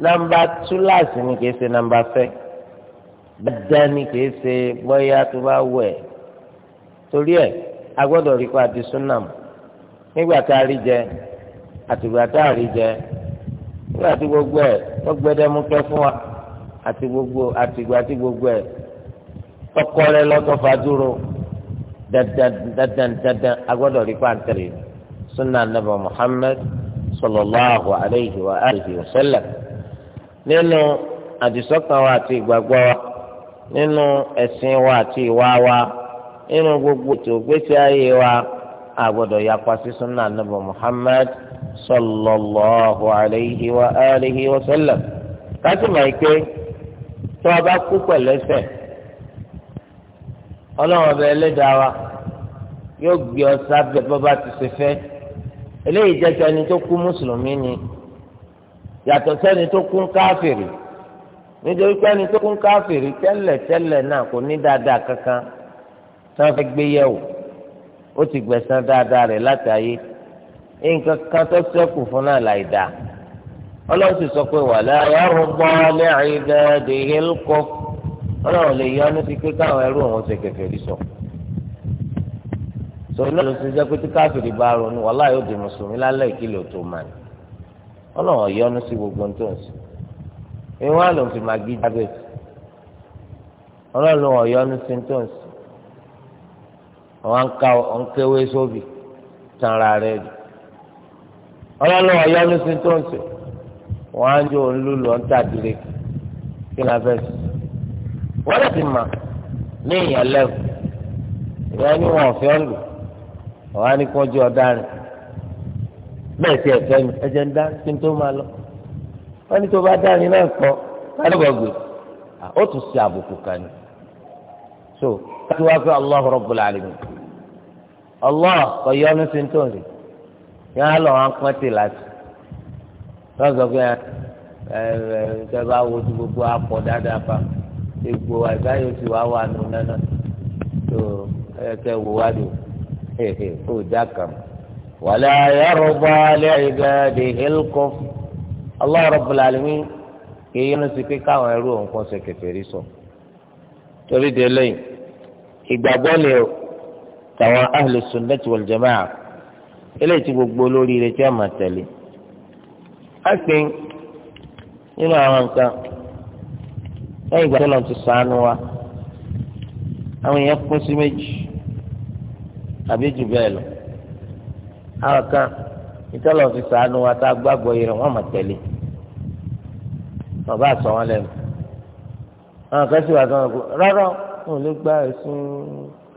S1: nọ́mbà túláàsì ni kìí ṣe nọ́mbà fẹ́ dáadáa ni kìí ṣe bóyá tó bá wẹ̀ torí ẹ̀ a gbọ́dọ̀ rí kó a di súnà mọ́ nígbà tá a rí jẹ àtìgbà tá a rí jẹ nígbà tí gbogbo ẹ̀ tó gbẹdẹmú kẹ́ fún wa àti gbogbo àtìgbà tí gbogbo ẹ̀
S2: tọkọ rẹ lọ́tọ̀fà
S1: dúró dandan dandan dandan a rí kó a súnà nàbà Muhammad sallallahu alayhi wa alihi wa sallam. nínú àdìsọ́kàn wa àti ìgbàgbọ́ wa nínú ẹ̀sìn wa àti ìwà wa nínú gbogbo ètò ìgbésí ayé wa a gbọ́dọ̀ yapa sí sunna anabi Muhammad sallallahu alayhi wa alihi wa sallam
S2: kásì máa ké
S1: tó a bá kú pẹ̀lú ẹ̀ṣẹ̀ ọlọ́run ọba ẹlẹ́dàá wa yóò gbé ọ sábẹ́ bọ́ bá ti ṣe fẹ́ eléyìí jẹ́ ti ẹni tó kú mùsùlùmí ni. yàtọ̀ sẹ́ni tó kún káfìrì nítorí pé tó kún káfìrì tẹ́lẹ̀ tẹ́lẹ̀ náà kò ní dáadáa kankan tán fẹ́ gbé yẹ̀wò ó ti dáadáa rẹ̀ nǹkan kan tó fún náà láì ọlọ́run sọ pé ọlọ́run lè yọ ní ti káwọn ẹrú òun ṣe sọ sọ náà ló ṣe jẹ́ pé tí káfìrì bá ronú wàláhì di mùsùlùmí lálẹ́ ìkìlọ̀ ọlọ́run ọ̀yọ́nu sí gbogbo tó ń sè é wọn lòun fi máa gíjà bẹ́ẹ̀ sí ọlọ́run ọ̀yọ́nu sí tó ń sè àwọn ànká ònkéwé sóbì tanra rẹ̀ jù ọlọ́run ọ̀yọ́nu sí tó ń sè wọn á jó olúlo ọ̀ntà dìre kí ni a fẹ́ sè wọ́n lè ti mà ní ìyànlẹ́wò ìyá ni wọn ò fẹ́ lò wọ́n á ní kó ọ̀daràn bẹ́ẹ̀ tí ẹ fẹ́ mi ẹ jẹ́ ń dá kí n tó máa lọ wọ́n ní tó bá dá mi náà kọ́ kálíbọ̀ gbé ó tún ṣe àbùkù kan ni so káàkiri wá pé allah rabbul alamin allah kò yọ ọ́nù sí tó ń rè yẹn á lọ wọn pọ́n tì láti wọ́n sọ pé ẹ ẹ ṣe bá wo ju gbogbo apọ̀ dáadáa pa egbò àgbáyé ti wá wà nù nánà tó ẹ kẹ wò wá lò ó dá kàn mọ́. ولا يرضى لعباده الكفر الله رب العالمين kìí yọnu sí pé káwọn ẹrú òun kọ́ ṣe kèfèrí sọ torí de lẹ́yìn ìgbàgbọ́ ni o tàwọn ahlu sunnati wal jamaa eléyìí tí gbogbo olórí rẹ̀ tí a máa tẹ̀lé á pín nínú àwọn nǹkan lẹ́yìn ìgbà tó lọ́n ti sànù wa àwọn èèyàn kún sí méjì àbí jù bẹ́ẹ̀ lọ àwọn kan ìtọ́lọ̀ fi sàánú wa tá a gbàgbọ́ yìí rẹ̀ wọ́n mọ̀ tẹ́lẹ̀ bàbá àsọ wọn lẹ́nu àwọn kan sì wà sọ wọn kó rárá wọn ò lè gba ẹ̀sùn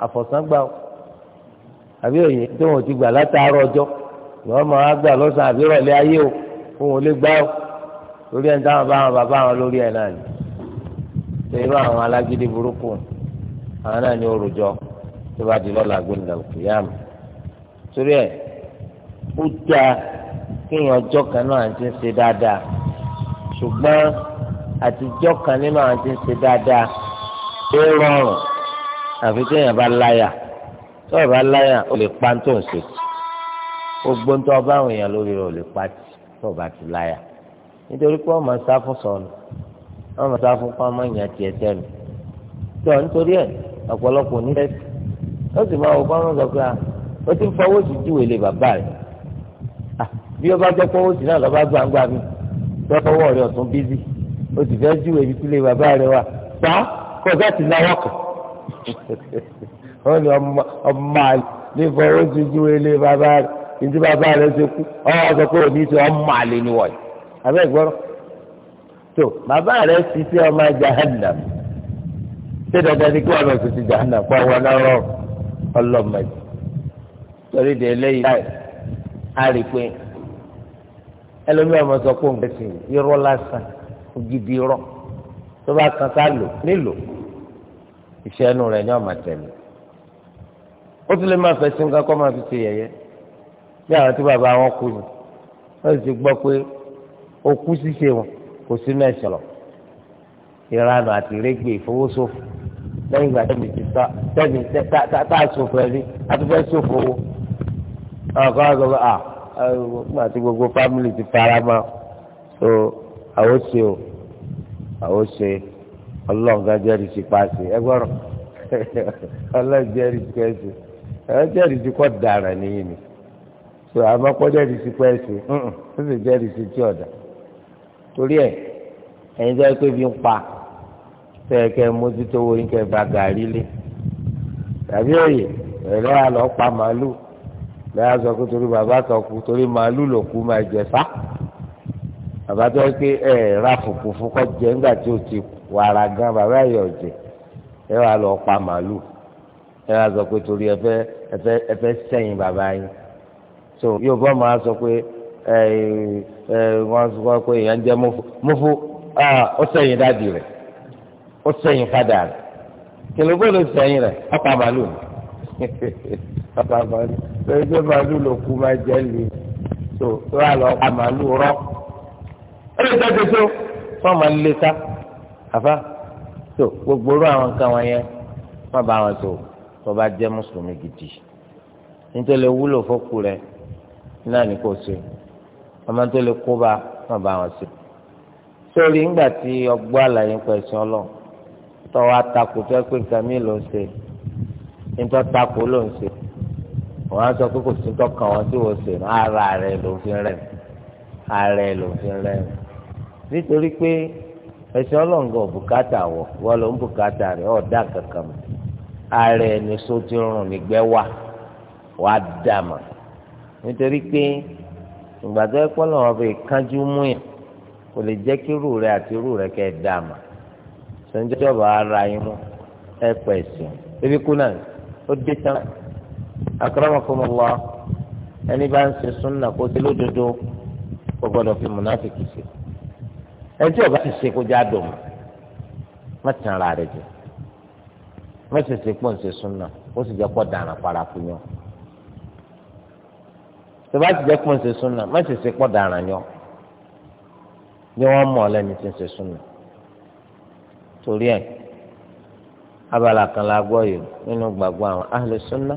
S1: àfọ̀sángbà o àbí òye tí wọn ò ti gbà látàárọ̀ ọjọ́ ìwọ́n máa gbà lọ́sàn àbí ìrọ̀lẹ́ ayé o wọn ò lè gbà o lórí ẹni táwọn bá wọn bàbá wọn lórí ẹ̀ náà ni ṣe irú àwọn alágídí burúkú àwọn náà ni ó tó bá di lọ́la gbẹ̀ngàn kìyàmù torí ẹ̀ ó dáa kéèyàn ọjọ́ kan náà àti ń ṣe dáadáa ṣùgbọ́n àtijọ́ kan nínú àti ń ṣe dáadáa ó rọrùn àfi téèyàn bá láyà tó o bá láyà o lè pa tó ń ṣe gbogbo ń tọ́ ọ bá àwọn èèyàn lórí rẹ̀ o lè pa tó o bá ti láyà nítorí pé wọ́n máa sá fún sọ̀nù wọ́n máa sá fún pamọ́ ìyàn tiẹ̀ tẹ̀lé tó nítorí ẹ̀ ọ̀pọ̀lọpọ̀ ní tẹ́sí ó sì máa wọ pamọ́ sọ ah, ó ti ń fọwọ́ sí júwèé lé bàbá rẹ̀ bí ọba jẹ́ pé òsì náà lọ́ba gbangba mi lọ́fọwọ́ rẹ̀ ọ̀tún bízì o sì fẹ́ júwèé ibi tílé bàbá rẹ̀ wà pa kó ọ̀gá ti náwó kù wọ́n ní ọmọ àlè ní fọwọ́ ti júwèé ilé bàbá rẹ̀ ìdí bàbá rẹ̀ ṣe kú ọ̀hún ọ̀sọ̀ pé òní ti ọmọ àlè ni wọ̀nyí abẹ́ ìgbọ́rọ̀ tó bàbá rẹ̀ ti sí ọmọ jahannam ṣé dandan ni kí wọn lọ sí ti jahannam kó àwọn náà rọrùn ọlọ́mọdé torí de eléyìí láì á rí ẹlòmíràn máa sọ pé òun fẹ́ sìn irọ́ lásán gidi irọ́ tó bá kan ká lò nílò iṣẹ́ ẹnu rẹ̀ ní ọ̀mà tẹ̀lé ó tún lè máa fẹ́ sí nǹkan kọ́ máa fi ṣe yẹ̀yẹ́ bí àwọn tí bàbá wọn kú ni wọ́n sì ti gbọ́ pé okú ṣíṣe wọn kò sí mẹ́sọ̀rọ̀ ìranù àti ìrẹ́gbẹ̀ ìfowósòfò lẹ́yìn ìgbà tẹ́mi ti sọ tẹ́mi tá a sòfò ẹni a tún fẹ́ sòfò owó àwọn kan á sọ pé à àwọn àti gbogbo fámìlì ti fara mọ́ so àwọn ṣe o àwọn ṣe ọlọ́ọ̀gá jẹ́rìí ti paṣẹ ẹgbọ́rọ̀ ọlọ́ọ̀gá jẹ́rìí ti pẹ́ẹ́sì ẹ̀rọ jẹ́rìí ti kọ́ dara nìyí ni so àmọ́ kọ́ jẹ́rìí ti pẹ́ẹ́sì ó sì jẹ́rìí ti tí ọ̀dà torí ẹ̀ ẹ̀yin jẹ́ pé bí ń pa tẹ́ẹ̀kẹ́ mójútó wo yín kẹ́ bá gàrí lé tàbí òye ẹ̀rọ àlọ́ pa màálù lẹ́yìn sọ pé torí bàbá kan kú torí màálù ló kú máa jẹ sá bàbá tó yẹ pé ẹ ra fùkù fún kọ́ jẹ nígbà tí o ti wàrà gan bàbá yẹ ọ̀jẹ̀ ẹ wà lọ pa màálù ẹ wà sọ pé torí ẹ fẹ́ ẹ fẹ́ bàbá yín so yóò bọ́ máa sọ pé ẹ ẹ wọ́n sọ pé èèyàn ń jẹ́ mọ́fó mọ́fó ó sẹ́yìn dáàdì rẹ̀ ó sẹ́yìn fádà rẹ̀ kìlógbó ló rẹ̀ ọ̀pá màálù ọ̀pá màálù torí pé màálù ló kú máa jẹ́ lè tó tó wà lọ pa màálù rọ́ ó lè tọ́jú tó wọ́n máa lé ká àfa tó gbogbo irú àwọn nǹkan wọn yẹn má bá wọn tó tó bá jẹ́ mùsùlùmí gidi nítorí wúlò fọ́kù rẹ náà ní kò sí ọmọ tó lè kó bá má bá wọn sí sórí ńgbà tí ọgbọ́n àlàyé ń pẹ̀sán ọlọ́run tọ́wọ́ atakò tó pé nǹkan mi ló ń ṣe nítorí takò ló ń ṣe wọn á sọ pé kò sí tọkàn wọn tí wọn sì ara rẹ rẹ ara rẹ rẹ nítorí pé ẹsẹ ọlọ́ngàn bùkátà wọ wọn ló ń bùkátà rẹ ọ̀dà kankan mọ ara ẹni só ti rùn nígbẹ́ wà wà nítorí pé rẹ àti rẹ ara yín ẹ sí ebi kú náà akramakumullah ẹni bá ń ṣe súnà kó ti lódodo kó gbọ́dọ̀ fi múnáfìkì ṣe ẹni tí ọba ti ṣe kó já dùn má tàn ara rẹ jẹ má sì ṣe pọ̀ ń ṣe súnà ó sì jẹ́ pọ̀ dànù paraku yàn tó bá ti jẹ́ pọ̀ ń ṣe súnà má pọ̀ dànù yàn ni wọ́n mọ̀ lẹ́ni tí ń ṣe súnà torí ẹ̀ abala kan la gbọ́ yìí nínú gbàgbọ́ àwọn ahlẹ̀ súnà.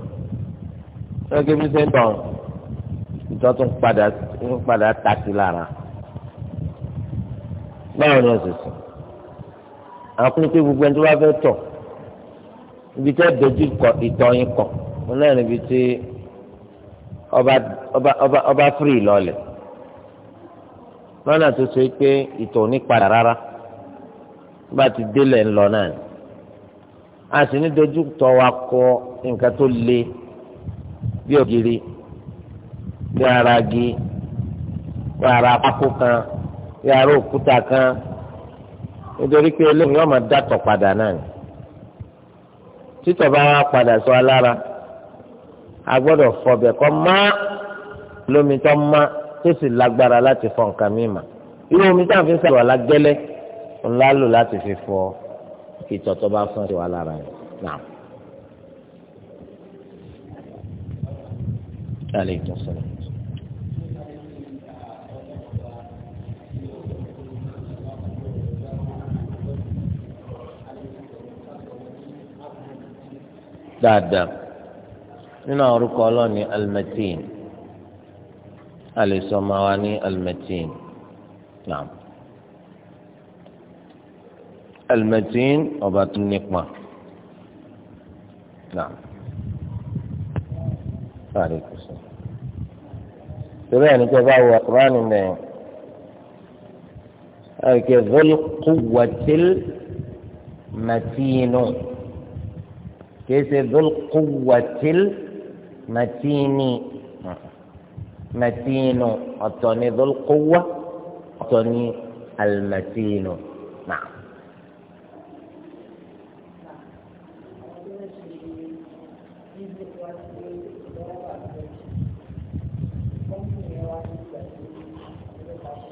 S1: lọ́gẹ́ bí ṣe ń tọ̀ ìtọ́ tún padà ń padà tàkì lára báwo ni ọ̀sẹ̀ sùn àkúnni pé gbogbo ẹni tó bá fẹ́ tọ̀ ibi tẹ́ dojú ìtọ̀ yín kọ̀ mo náà níbi tí ọba ọba ọba firi lọlẹ̀ lọ́nà tó ṣe pé ìtọ̀ ní padà rárá bá ti délẹ̀ ńlọ náà a sì ní dojú tọ́ wa kọ nǹkan tó le bí ògiri bí ara igi bí ara pákó kan bí ara òkúta kan nítorí pé eléyìí yóò máa dàtọ̀ padà náà ni títọ̀ bá wá padà sọ alára a gbọ́dọ̀ fọbẹ̀ kọ́ má lómi tó má tó sì lágbára láti fọ nǹkan mi mà irú omi tá à ń fi sàlùwà ńlá lò láti fi fọ ìtọ̀ tó bá fọ́n sí wa lára yẹn náà. عليه الصلاه دادم من أورك المتين أليس مواني المتين نعم المتين وبات النقمة نعم فارق السلام torí ẹni tó bá wọ Kúránì mẹ́rin ẹ̀kẹ́ zolkuwatil matinu kìí ṣe zolkuwatil matini matinu ọ̀tọ̀ ni zolkuwa ọ̀tọ̀ ni almatinu.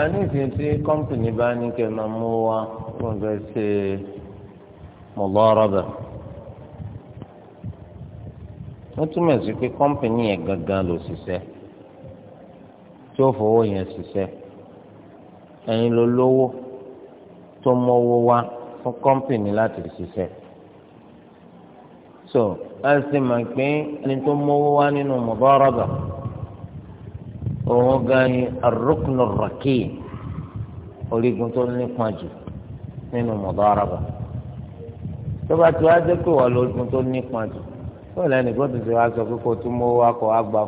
S1: a ní ìsìn tí kọ́mpìnì bá ní kẹ́ máa mú wa fún fẹ́ ṣe mọ̀lọ́rọ̀bà wọ́n túmọ̀ sí pé kọ́mpìnì yẹn gangan ló ṣiṣẹ́ tí ó fowó yẹn ṣiṣẹ́ ẹ̀yin ló lówó tó mọ́wó wá fún kọ́mpìnì láti ṣiṣẹ́ so láti ṣe máa pín ẹni tó mọ́wó wá nínú mọ̀lọ́rọ̀bà. No òun gan ni arúgbó rọ̀kì orígun tó nípọn jù nínú mọ̀dọ́rọ̀bà tó bá ti wá dé pé wọ́n lórígun tó nípọn jù fún ìlànà ìgbọ́dọ̀ tí wàá sọ pé kó tún mọ́ wá kó àgbà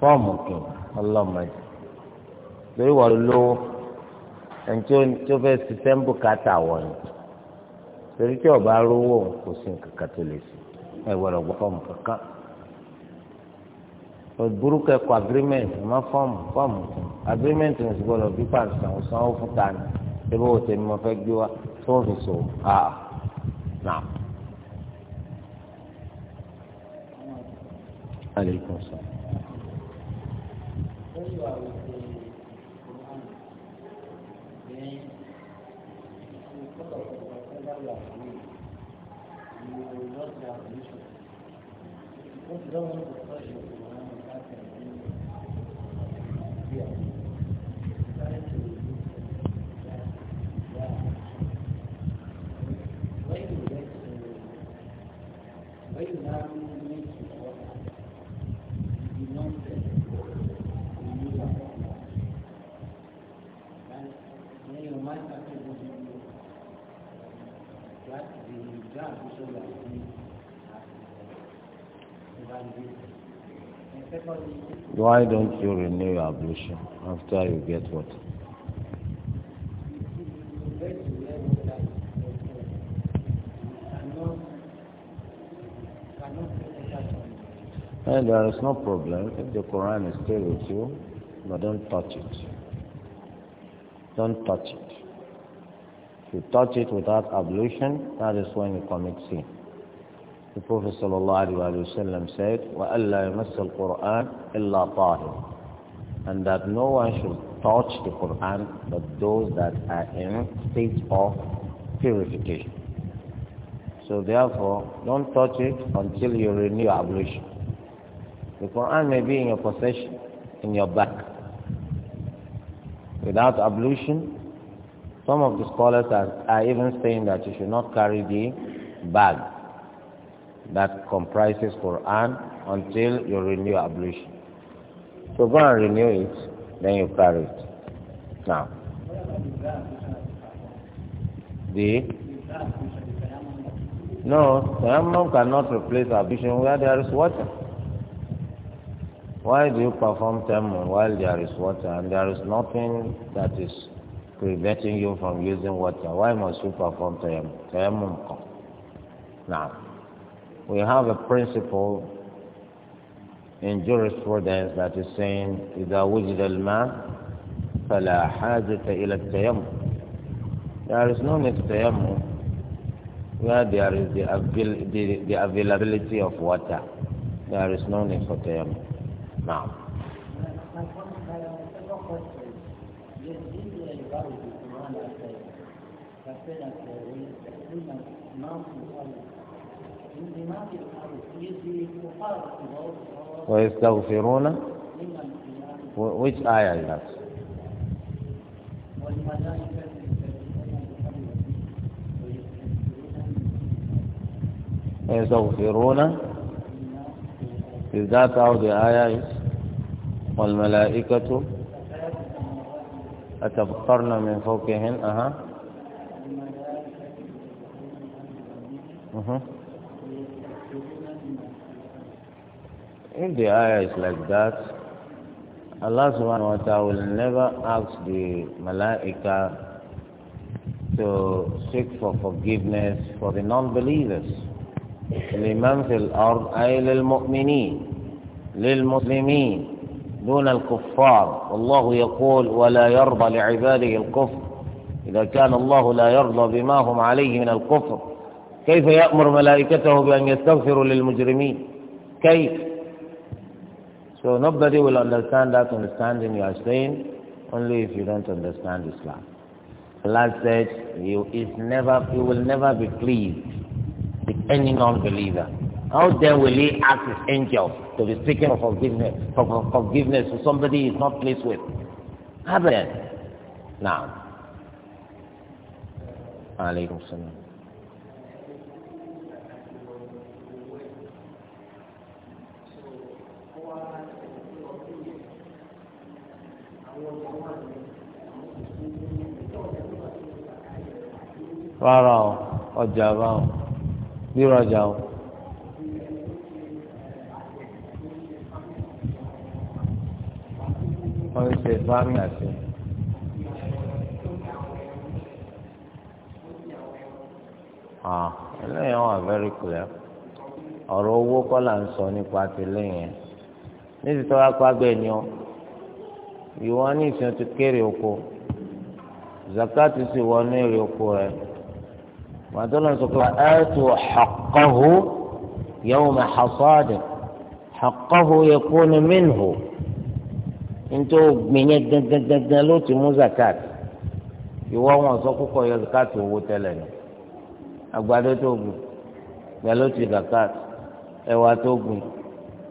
S1: fọ́ọ̀mù kìn ọlọ́mọdé lórí wọ́n lówó ẹni tó fẹ́ ṣiṣẹ́ ń bùkátà wọ̀nyí burúkú ẹkọ agreement ọmọ fọọmù fọọmù agreement ní ìsìgbọlọ bí pàṣẹ sanwó fún tani ebi wò tèmi mo fẹ́ gbé wa tó ń fi so ah
S2: Thank you. Why don't
S1: you renew your ablution after you get water? And there is no problem if the Quran is still with you, but don't touch it. Don't touch it. If you touch it without ablution, that is when you commit sin. The Prophet ﷺ said, وَأَلَّا يَمَسَّ الْقُرْآنِ إِلَّا طَاهِرٌ and that no one should touch the Quran but those that are in state of purification. So therefore, don't touch it until you renew ablution. The Quran may be in your possession, in your back. Without ablution, some of the scholars are, are even saying that you should not carry the bag that comprises Quran until you renew ablution. So go and renew it, then you carry it. Now, the no, tayammum cannot replace ablution where there is water. Why do you perform them while there is water and there is nothing that is preventing you from using water? Why must you perform tayammum? Now, we have a principle in jurisprudence that is saying إذا وجد الماء فلا حاجة إلى التيمم. There is no need to tayammum where there is the, avail the, the availability of water. There is no need for tayammum. Now.
S2: ويستغفرون
S1: which ayah is that ويستغفرون is that how the ayah is والملائكة أتبقرن من فوقهن أها أها If the eyes like that, Allah subhanahu wa ta'ala will never ask the malaika to seek for forgiveness for the non-believers. لمن في الأرض أي للمؤمنين للمسلمين دون الكفار والله يقول ولا يرضى لعباده الكفر إذا كان الله لا يرضى بما هم عليه من الكفر كيف يأمر ملائكته بأن يستغفروا للمجرمين كيف So nobody will understand that understanding you are saying only if you don't understand Islam. Allah said, you, is never, you will never be pleased with any non-believer. How then will he ask his angels to be speaking of forgiveness, for, for forgiveness to somebody is not pleased with. Abadan. Now. Alaykum salam. rárá o ọjà wa, o rírọjà o wọ́n ń ṣe fámì àti. Ah, eléyìí wà very clear ọ̀rọ̀ owó kọ́ là ń sọ nípa tìlẹ́yìn níbi tó wá pàgbẹ́ ni ọ ìwọ ní ìsìn ti kéré oko zakati sì wọ ní èrè oko rẹ màdúrà sọ pé ẹ̀ẹ́tù haqqahu yawma hasadihi haqqahu yakunu minhu. nítorí ògbìn yẹn gangan ló ti mú zakat ìwọ wọn sọ kókó yọ zakat owó ni àgbàdo tó gbìn bẹ́ẹ̀ ló ti zakat ẹ̀wà tó gbìn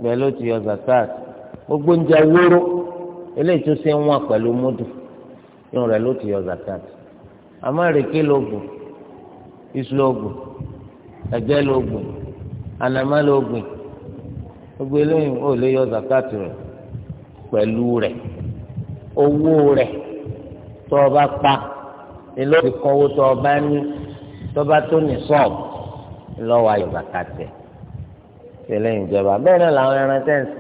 S1: bẹ́ẹ̀ ló ti yọ zakat gbogbo oúnjẹ wóró eléyìí tó ṣe ń wọn pẹ̀lú múdù inú ló ti yọ zakat àmọ́ ìrèké ló iṣu ló ló ló gbogbo eléyìí ó lè yọ pẹ̀lú rẹ̀ owó rẹ̀ tó o bá pa ni ló fi kọ́wó tó o bá ní tó bá tó ní sọ́ọ̀bù lọ́wọ́ ayọ̀bá kàtẹ́ tẹ̀lé ìjọba bẹ́ẹ̀ náà làwọn ẹran tẹ̀sí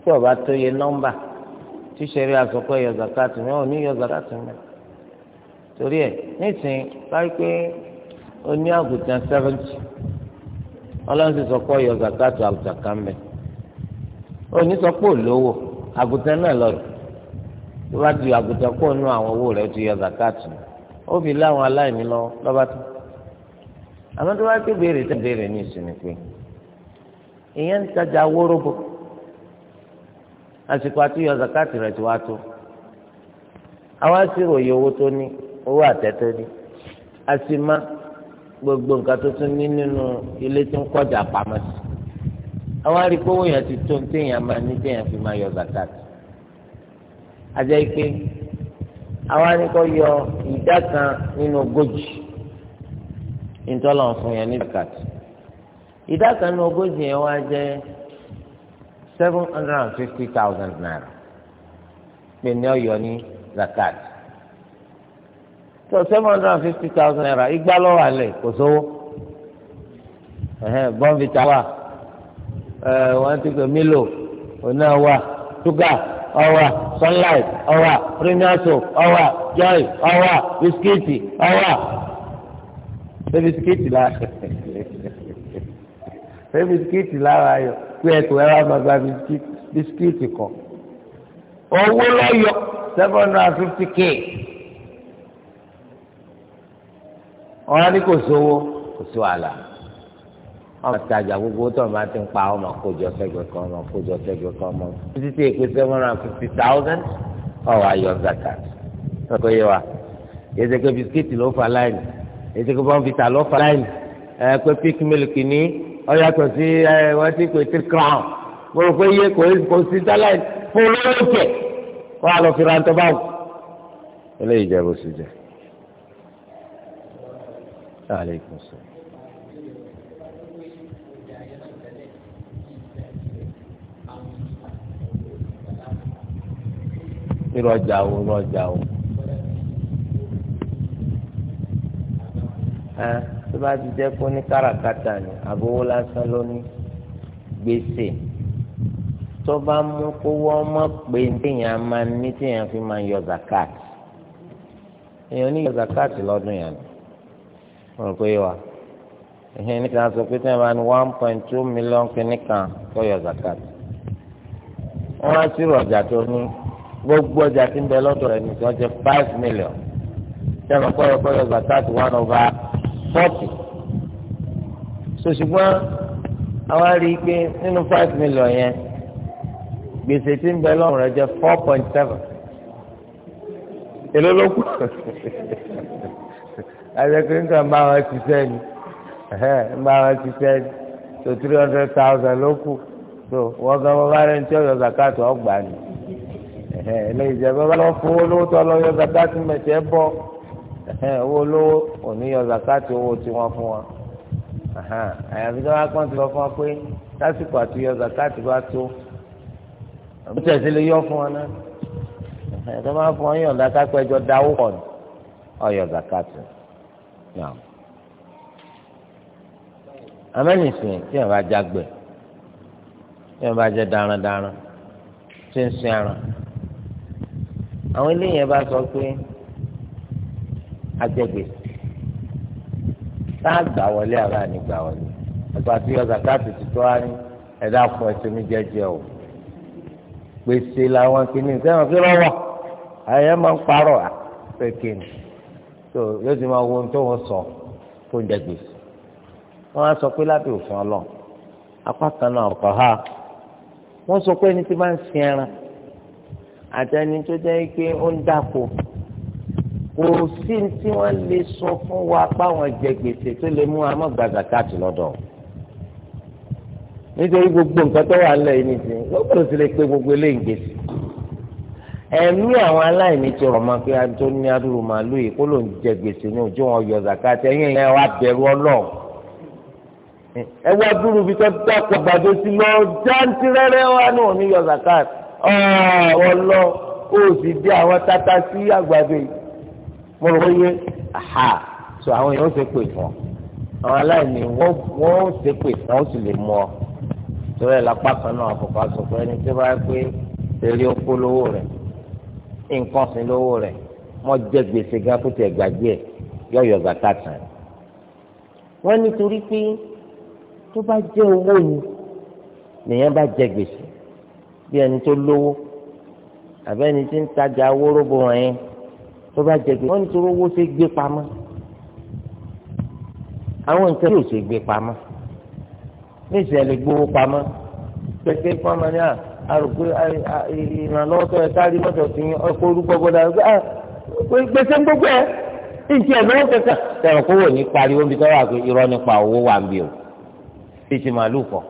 S1: tí o bá tó yẹ nọ́mbà tí sẹ́rí àsopọ̀ yọ zakatu mi ò ní yọ zakatu torí ẹ̀ nísìnyí báyìí pé o ní àgùntàn ọlọ́run ti sọ pé yọ zakatu àgùntàn kan bẹ́ẹ̀ o sọ pé ò àgùntàn náà lọ tó bá ti àgùntàn pọ̀ nínú àwọn owó rẹ̀ ti yọ zakati ó fi láwọn aláìní lọ lọ́ba tó àmọ́ tó bá ké béèrè tẹ̀ béèrè ní ìsinmi pé ìyẹn ń tajà wóróbó àsìkò àti yọ zakati rẹ̀ ti wá tó àwọn àṣírò owó tó ní owó ní àṣìmá gbogbo nǹkan tó tún ní nínú ilé tó ń pamọ́ sí i. àwọn arìkówó yẹn ti tó téèyàn máa ní téèyàn fi máa yọ zakat àjẹ́ ike àwọn arìkọ́ yọ ìdá kan nínú ogójì ìtọ́lọ̀ fún yẹn ní zakat ìdá kan nínú ogójì yẹn wá jẹ́ seven hundred and fifty thousand naira pé ní ọ̀yọ́ ní zakat so seven hundred and fifty thousand naira igbá lọ́wọ́ alẹ̀ kò sówó bọ́ǹfìtà wà wọ́n ti pè Milo ọ̀nà wà ṣúgà ọwà sunlight ọwà premier soap ọwà joy ọwà bisikíìtì ọwà ṣé bisikíìtì lára ṣé bisikíìtì lára yọ pé ẹ̀kọ́ ẹ̀ wá máa gba bisikíìtì kọ
S2: owó lọ́yọ̀ seven
S1: hundred and fifty k ọ̀rọ̀ ni kò sówó kò sí wàhálà wọn tajà gbogbo tó ọmọ ti ń pa ọmọ kójọ sẹgbẹ kan ọmọ kójọ sẹgbẹ kan ọmọ títí tí èpè seven hundred fifty thousand ọwọ ayọ zaka ọkọ yẹ wa ezeke bisikíìtì ló fa láìní ezeke bọ́ǹfìtà ló fa láìní ẹ pé pík mílìkì ní ọyàtọ̀ sí ẹ wọ́n ti pè tí crown mo rò pé iye kò kò sí dáláì fún olówó tẹ̀ wọ́n á lọ fi rántọ́ báwò eléyìí jẹ́ bó ṣe jẹ́.
S2: Aleykum salaam.
S1: irú ọjà wo irú ọjà wo. ẹ tó bá ti jẹ́ kó ní káràkátà ni àbówó lásán ló ní gbèsè tó bá mú kówó ọmọ pé téèyàn máa ní téèyàn fi máa yọ zakat èèyàn ní yọ zakat lọ́dún yẹn mo rò pé wa ìhìn níta sọ pé tí wọn bá ní one point two million kìíní kan tó yọ zakat wọn á sírò ọjà tó ní gbogbo ọjà tí ń bẹ lọ́dọ̀ rẹ̀ ní ìtọ́jẹ́ five million sẹ́nu kọ́yọ̀kọ́yọ̀ zakat one over forty. sòṣùgbọ́n àwa rí i pé nínú five million yẹn gbèsè tí ń bẹ lọ́rùn rẹ̀ jẹ́ four point seven. èló ló kù àjẹkùn nǹkan bá wọn ti sẹ́ni bá wọn ti sẹ́ni tó three hundred thousand ló kù tó wọ́n gan wọ́n bá rẹ̀ ń tí ọ̀yọ́ zakat ọgbà ni eléyìí jẹ bẹ́ẹ̀ bá lọ fún owó lówó tó lọ yọ zakati mẹ̀tẹ́ bọ̀ owó lówó òní yọ zakati owó tí wọ́n fún wọn àyàfi tó wá kàn ti lọ fún wọn pé lásìkò àti yọ zakati bá tó àbúrò tẹ̀sí lè yọ fún wọn náà ẹ̀tọ́ máa fún ọyàn dáká pẹ́jọ dáwó pọ̀ ní ọyọ zakati náà amẹ́nìsìn tí wọ́n bá jágbe tí wọ́n bá jẹ́ darandaran tí ń sin ẹran àwọn eléyìí bá sọ pé àjẹgbèsè tá a gbà wọlé àbá ní gbà wọlé ẹgbà tí ọjà káàtì ti tọ́ á ní ẹ̀dá fún ẹsẹ̀ mi jẹ́jẹ́ o gbèsè làwọn kìíní sẹ́wọ̀n kí lọ́wọ́ àyẹ̀ máa ń parọ́ à pé kìíní tó yóò ti máa wo ohun tó wọ́n sọ kó ń jẹ gbèsè wọ́n á sọ pé lábẹ́ òfin ọlọ́ apá kan náà ọ̀kọ̀ ha wọ́n sọ pé ẹni tí máa ń sin ẹran àtẹni tó jẹ́ pé ó ń dàpọ̀ kò sí tí wọ́n lè sọ fún wa páwọn jẹ gbèsè tó lè mú amọ̀gbàgbà káàtì lọ́dọ̀ nítorí gbogbo nǹkan tó wà lẹ́yìn nìsín lọ́gbọ̀dọ̀ sì lè pe gbogbo eléyìí gbèsè ẹ̀mí àwọn aláìní ti rọ̀ máa pé antóní adúrú màálù yìí kó ló ń jẹ gbèsè ní ojú wọn yọ zakati ẹ̀yìn ẹ̀ wá bẹ̀rù ọlọ́ọ̀ ẹ wá dúró bí tó dákọ̀ gbàdó lọ jáǹtì rẹ́rẹ́ wá ní òní yọ zakati Ah, ọlọ kó o sì dé àwọn tata sí àgbàdo yìí mo rò wọ́n aha so àwọn èèyàn ó ṣe pè fún ọ àwọn aláìní wọ́n ó ṣe pè fún ó sì lè mú ọ torí ẹ̀ lápá kan náà àfọ̀fà sọ pé ẹni tí ó bá pé eré oko lówó rẹ̀ nǹkan ọ̀sìn lówó rẹ̀ wọ́n jẹ́ gbèsè gan kó tiẹ̀ gbàgbé ẹ̀ yọ̀yọ̀ gbàtà tán wọ́n nítorí pé tó bá jẹ́ owó ni nìyẹn bá jẹ gbèsè bí ẹni tó lówó àbẹ ẹni tí ń tajà wóróbo wọn yẹn tó bá jẹ pé wọn owó ṣe gbé pamọ́ àwọn nǹkan yóò ṣe gbé pamọ́ ní ìṣẹ̀lẹ̀ gbówó pamọ́ pẹ̀kẹ́ pamọ́ ní àròkú tó sí orúkọ gbogbo sọ̀rọ̀ pariwo bí irọ́ nípa owó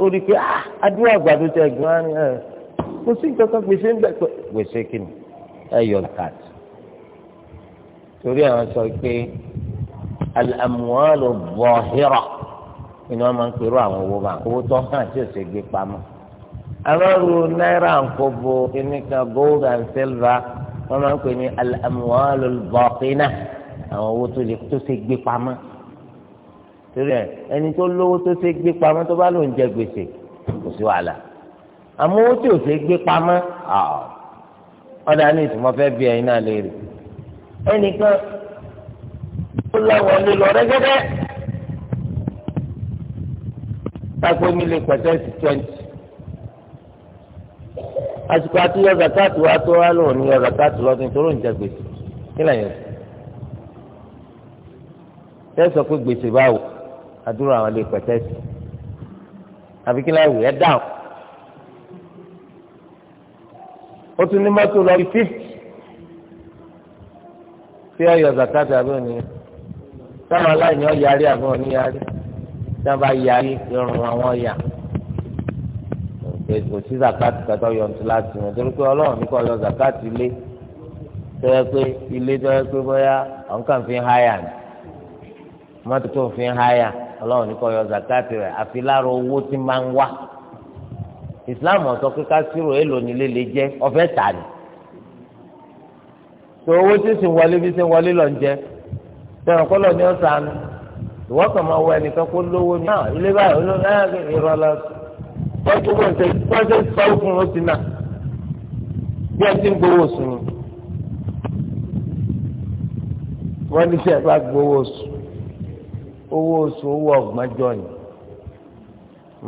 S1: ó rí i pé ah, adúlọ àgbàdo tẹ ẹgbẹ́ wa ni ẹ eh, kò sí nǹkan kan gbèsè ń bẹ pé gbèsè kìnnì ẹ yọ zakat torí àwọn sọ pé alamuwaalo bọ̀hírà ni wọ́n máa ń pèrò àwọn owó bá owó tó hàn tí ò sì gbé pamọ́ alọ́rù náírà nkóbo kìnnìkan gold and silver wọ́n máa ń pè ní alamuwaalo bọ̀hínà àwọn owó tó ṣe gbé pamọ́ torí ẹ ẹni tó lówó tó ṣe gbé pamọ́ tó bá lòún jẹ gbèsè kò sí wàhálà àmọ́ owó tí ò ṣe gbé pamọ́ ọ̀dà ní ìtumọ̀ fẹ́ bí ẹyin náà léèrè
S2: ẹnìkan ó láwọn lè lọ rẹ́gẹ́dẹ́
S1: tako mi lè pẹ̀sẹ̀ sí twenty àsìkò àti yọ zakati wa tó wá lòun ní yọ zakati lọ́dún tó lóun jẹ gbèsè kí lẹ́yìn tẹ́ sọ pé gbèsè báwo àdúrà àwọn lè pẹ̀tẹ́ sí àfi kí láì wù ẹ́ dáhùn.
S2: ó tún ní mọ́tò lọ bí fífì
S1: tí ọ̀yọ́ zakati àbí òní sáwọn aláìní ọ̀yarí àbí òní yarí tí wọ́n bá yarí irun àwọn ọ̀yà kò sí zakati kàtọ́ yọ̀ ntú láti wọn torí pé ọlọ́run ní kò yọ zakati lé tọ́yẹ pé ilé tọ́yẹ pé bóyá ọ̀nkàn fi ń háyà ni mọ́tò tó fi ń háyà ni ọlọ́run ní kó yọ zakati rẹ̀ àfi lára owó tí máa ń wá islam ọ̀sọ́ pé kásírò èlò nílé lè jẹ́ ọ̀fẹ́ tà ní. tó owó tí sì ń wọlé bí sì ń wọlé lọ ń jẹ tẹ̀wọ̀n kọ́ lọ ní ọ̀sán ìwọ́n kàn máa wọ ẹnìkan kó lówó ní ah, ilé báyìí olóńgbò ẹ̀ ìrọ̀lọ́ tọ́jú kò ṣe tọ́jú sọ́ọ́ fún
S2: ó ti nà bí ẹ ti ń gbowó sùn wọ́n ní sẹ́ẹ̀ bá gbowó
S1: sùn owó oṣù owó ọgbọ́njọ́ ni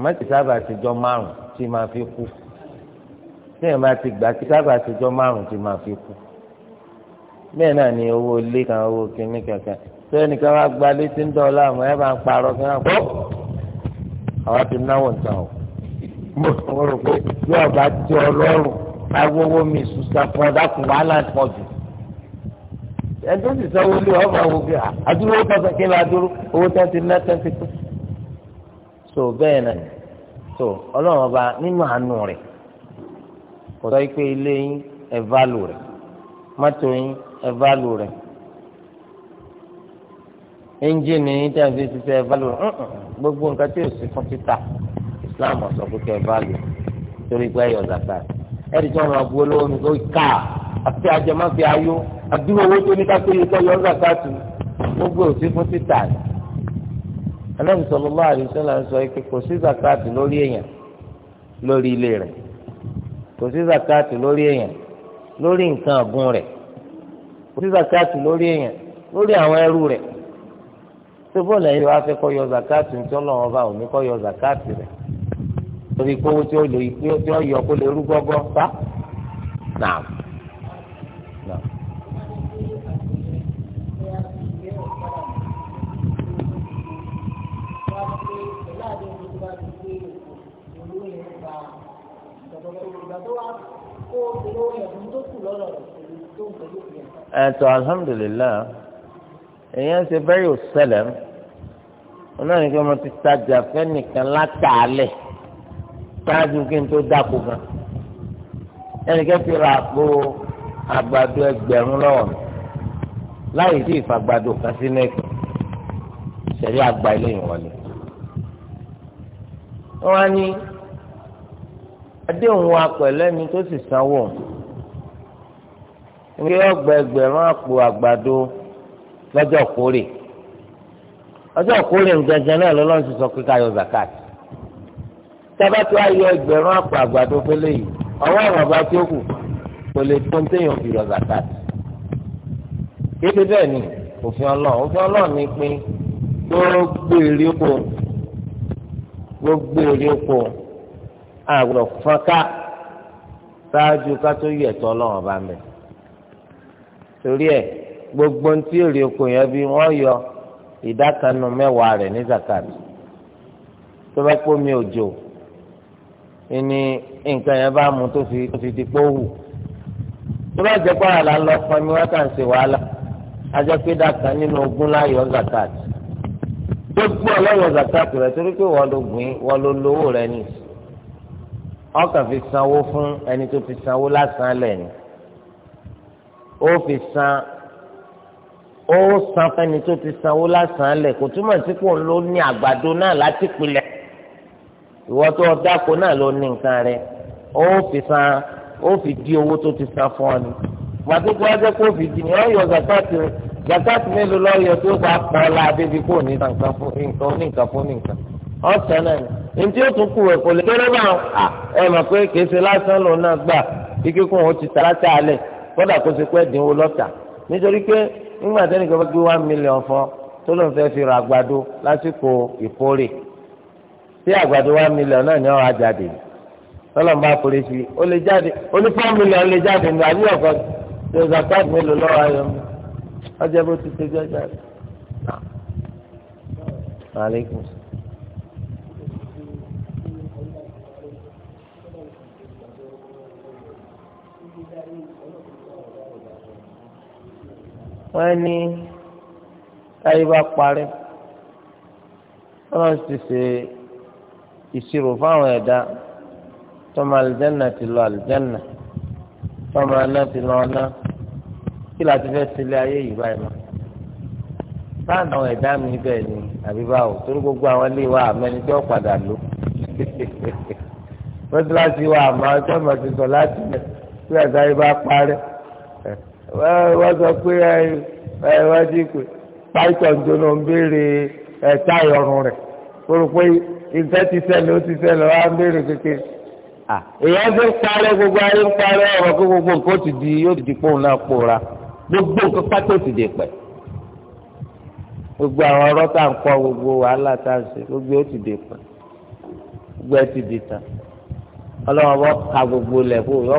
S1: mọ́tì sábà àtijọ́ márùn tí máa fi kú téèyàn bá ti gbà tí sábà àtijọ́ márùn tí máa fi kú bẹ́ẹ̀ náà ni owó ilé kan owó kìíní kankan tó ẹnìkan wá gba létí ń dọ̀ọ́lá àmọ́ ẹ bá ń parọ́ kí wọ́n kọ́ àwọn ti náwó ń ta o mo rò pé bí ọba ti ọlọ́run ká gbówó mi sùn sàkọ́ dákùn wàhálà pọ̀ jù.
S2: ẹjọ́ sì sanwó lé ọmọ àwọn òbí àdúró
S1: tọ́sán kí n lọ àdúró owó ti ná tó. so bẹ́ẹ̀ náà so ọlọ́run ọba nínú àánú rẹ̀ kò sọ pé ilé yín ẹ̀ válù rẹ̀ mọ́tò yín ẹ̀ válù rẹ̀ ẹnjìnì yín tí a fi ṣiṣẹ́ ẹ̀ válù rẹ̀ gbogbo nǹkan tí yóò ṣe fún títà Islam ọ̀sọ̀ kó kẹ́ ẹ̀ válù torí pé ẹ̀yọ̀ zakat ẹ̀rí fi àdúrà owó tó ní kápẹ́yì tó yọ zakatu gbogbo òsì fún títà ni Ànábì sallallahu alaihi wasallam sọ pé kò sí zakatu lórí èèyàn lórí ilé rẹ̀ kò sí zakatu lórí èèyàn lórí nǹkan ọ̀gùn rẹ̀ kò sí zakatu lórí èèyàn lórí àwọn ẹrú rẹ̀ tó bọ́ọ̀lù ẹ̀yìn wá fẹ́ kọ́ yọ zakatu ní tí Ọlọ́run bá òní kọ́ yọ zakatu rẹ̀ torí kówó tí ó yọ kó lè rú gbọ́gbọ́ fa náà.
S2: tó wá kó lórí ẹ̀bùn tó kù lọ́rọ̀ rẹ̀ tó ń pẹ̀lú ìyẹn.
S1: ẹ̀tọ́ alhamdulilayi èèyàn ṣe bẹ́ẹ̀ yóò ṣẹlẹ̀ náà ní kí wọ́n ti tajà fẹ́nìkan látàálẹ̀ ṣáájú kí n tó dáko gan ẹnìkan ti ra àpò àgbàdo ẹgbẹ̀rún lọ́wọ́ mi láì ìfàgbàdo kan sínú ẹ̀kọ́ ṣẹ̀rí àgbà ilé ìwọlé. wọ́n á ní. àdéhùn wa pẹ̀lú ẹni tó sì sanwó ní àpò àgbàdo lọ́jọ́ kórè ọjọ́ kórè náà lọ́lọ́run ti sọ pé ká yọ zakat tábà tó a ẹgbẹ̀rún àpò àgbàdo pélé yìí ọwọ́ àwọn ọba tí ó kù kò lè tó ń téèyàn fi àgbọ̀dọ̀ fọ́nká ṣáájú ká tó yẹ tọ́ ọlọ́run ọba mẹ́. torí ẹ̀ gbogbo ń tí èrè oko yẹn bí wọ́n yọ ìdákanu mẹ́wàá rẹ̀ ní zakat tó bá pọ́ mi òjò ìní nǹkan yẹn bá mu tó fi tó fi di pé ó wù tó bá jẹ́ pààrọ̀ là lọ pọn mi wọ́n kà ṣe wàhálà ajẹ́ pé dàkan nínú ogún láyọ̀ zakat gbogbo ọlọ́wọ́ zakat rẹ̀ torí pé wọ́n ló gbìn wọ́n ló lówó rẹ̀ nìyí ọkàn fi sanwó fún ẹni tó fi sanwó lásán lẹ́nu ó fi san ó san fẹ́ni tó ti sanwó lásán lẹ̀ kò túmọ̀ sí kò ń lò ní àgbàdo náà láti pilẹ̀ ìwọ tó dáko náà ló ní nǹkan rẹ̀ ó fi san ó fi di owó tó ti san fún ọ ni gbàdúgbò ẹgbẹ́ kó fi di ni ọ yọ zakati zakati mélòó lọ yọ tó bá pọ̀ ọ́ kò ní nǹkan fún nǹkan ó ní nǹkan fún nǹkan ọ̀sẹ̀ náà ni ntí ó tún kú ẹ̀ kò lè kéré bá ẹ mọ̀ pé kèsì lásán lòun náà gbà kíkí kún òun ti tara tá a lẹ̀ kódà kó ṣe pé ẹ̀dínwó lọ́tà nítorí pé nígbà tẹ́nì kan bá gbé one million fún tó lóun fẹ́ fi ra àgbàdo lásìkò ìkórè tí àgbàdo one million náà ní ọ̀rọ̀ àjáde tọ́lọ́n bá kórè sí ó lè jáde ó ní four million lè jáde ní àbí ọ̀kan tó zakat mélòó lọ́wọ́ ayọ̀ mi ọjọ́ bó ti ṣe jẹ́ jáde. Aleykum
S2: wọ́n ní táyé
S1: bá parí wọ́n ti ṣe ìṣirò fáwọn ẹ̀dá tọ́mọ alìjẹ́nà ti lọ alìjẹ́nà tọ́mọ aná ti lọ ọ̀nà kí láti fẹ́ sílé ayé yìí báyìí mọ́ báwọn àwọn ẹ̀dá mi bẹ́ẹ̀ ni àbí báwo torí gbogbo àwọn ilé wa àmẹ́ni tí wọ́n padà lò mọ́tíláṣí wa àmọ́ ọjọ́ mọ̀ ti sọ láti mẹ́ tí ẹ̀dá yìí bá parẹ́ wọ́n sọ pé ẹ wọ́n ti pè pàìtọ̀ ìdóná ń béèrè ẹ̀ táyà ọ̀run rẹ̀ kóró pé ìfẹ́ ti ṣẹlẹ̀ ó ti ṣẹlẹ̀ wọ́n á ń béèrè kékeré. èèyàn ti ń parẹ́ gbogbo ayé ń parẹ́ ọ̀rọ̀ kó gbogbo nǹkan ó ti di yóò ti di pòun náà pòórá gbogbo nǹkan pátó ti dè pẹ̀ gbogbo àwọn ọ̀rọ̀ tá à ń kọ́ gbogbo wàhálà tá à ń ṣe gbogbo ó ti dè pẹ̀ gbogbo ẹ ti di tán ọlọ́wọ́n bọ́ gbogbo lẹ̀ kó yọ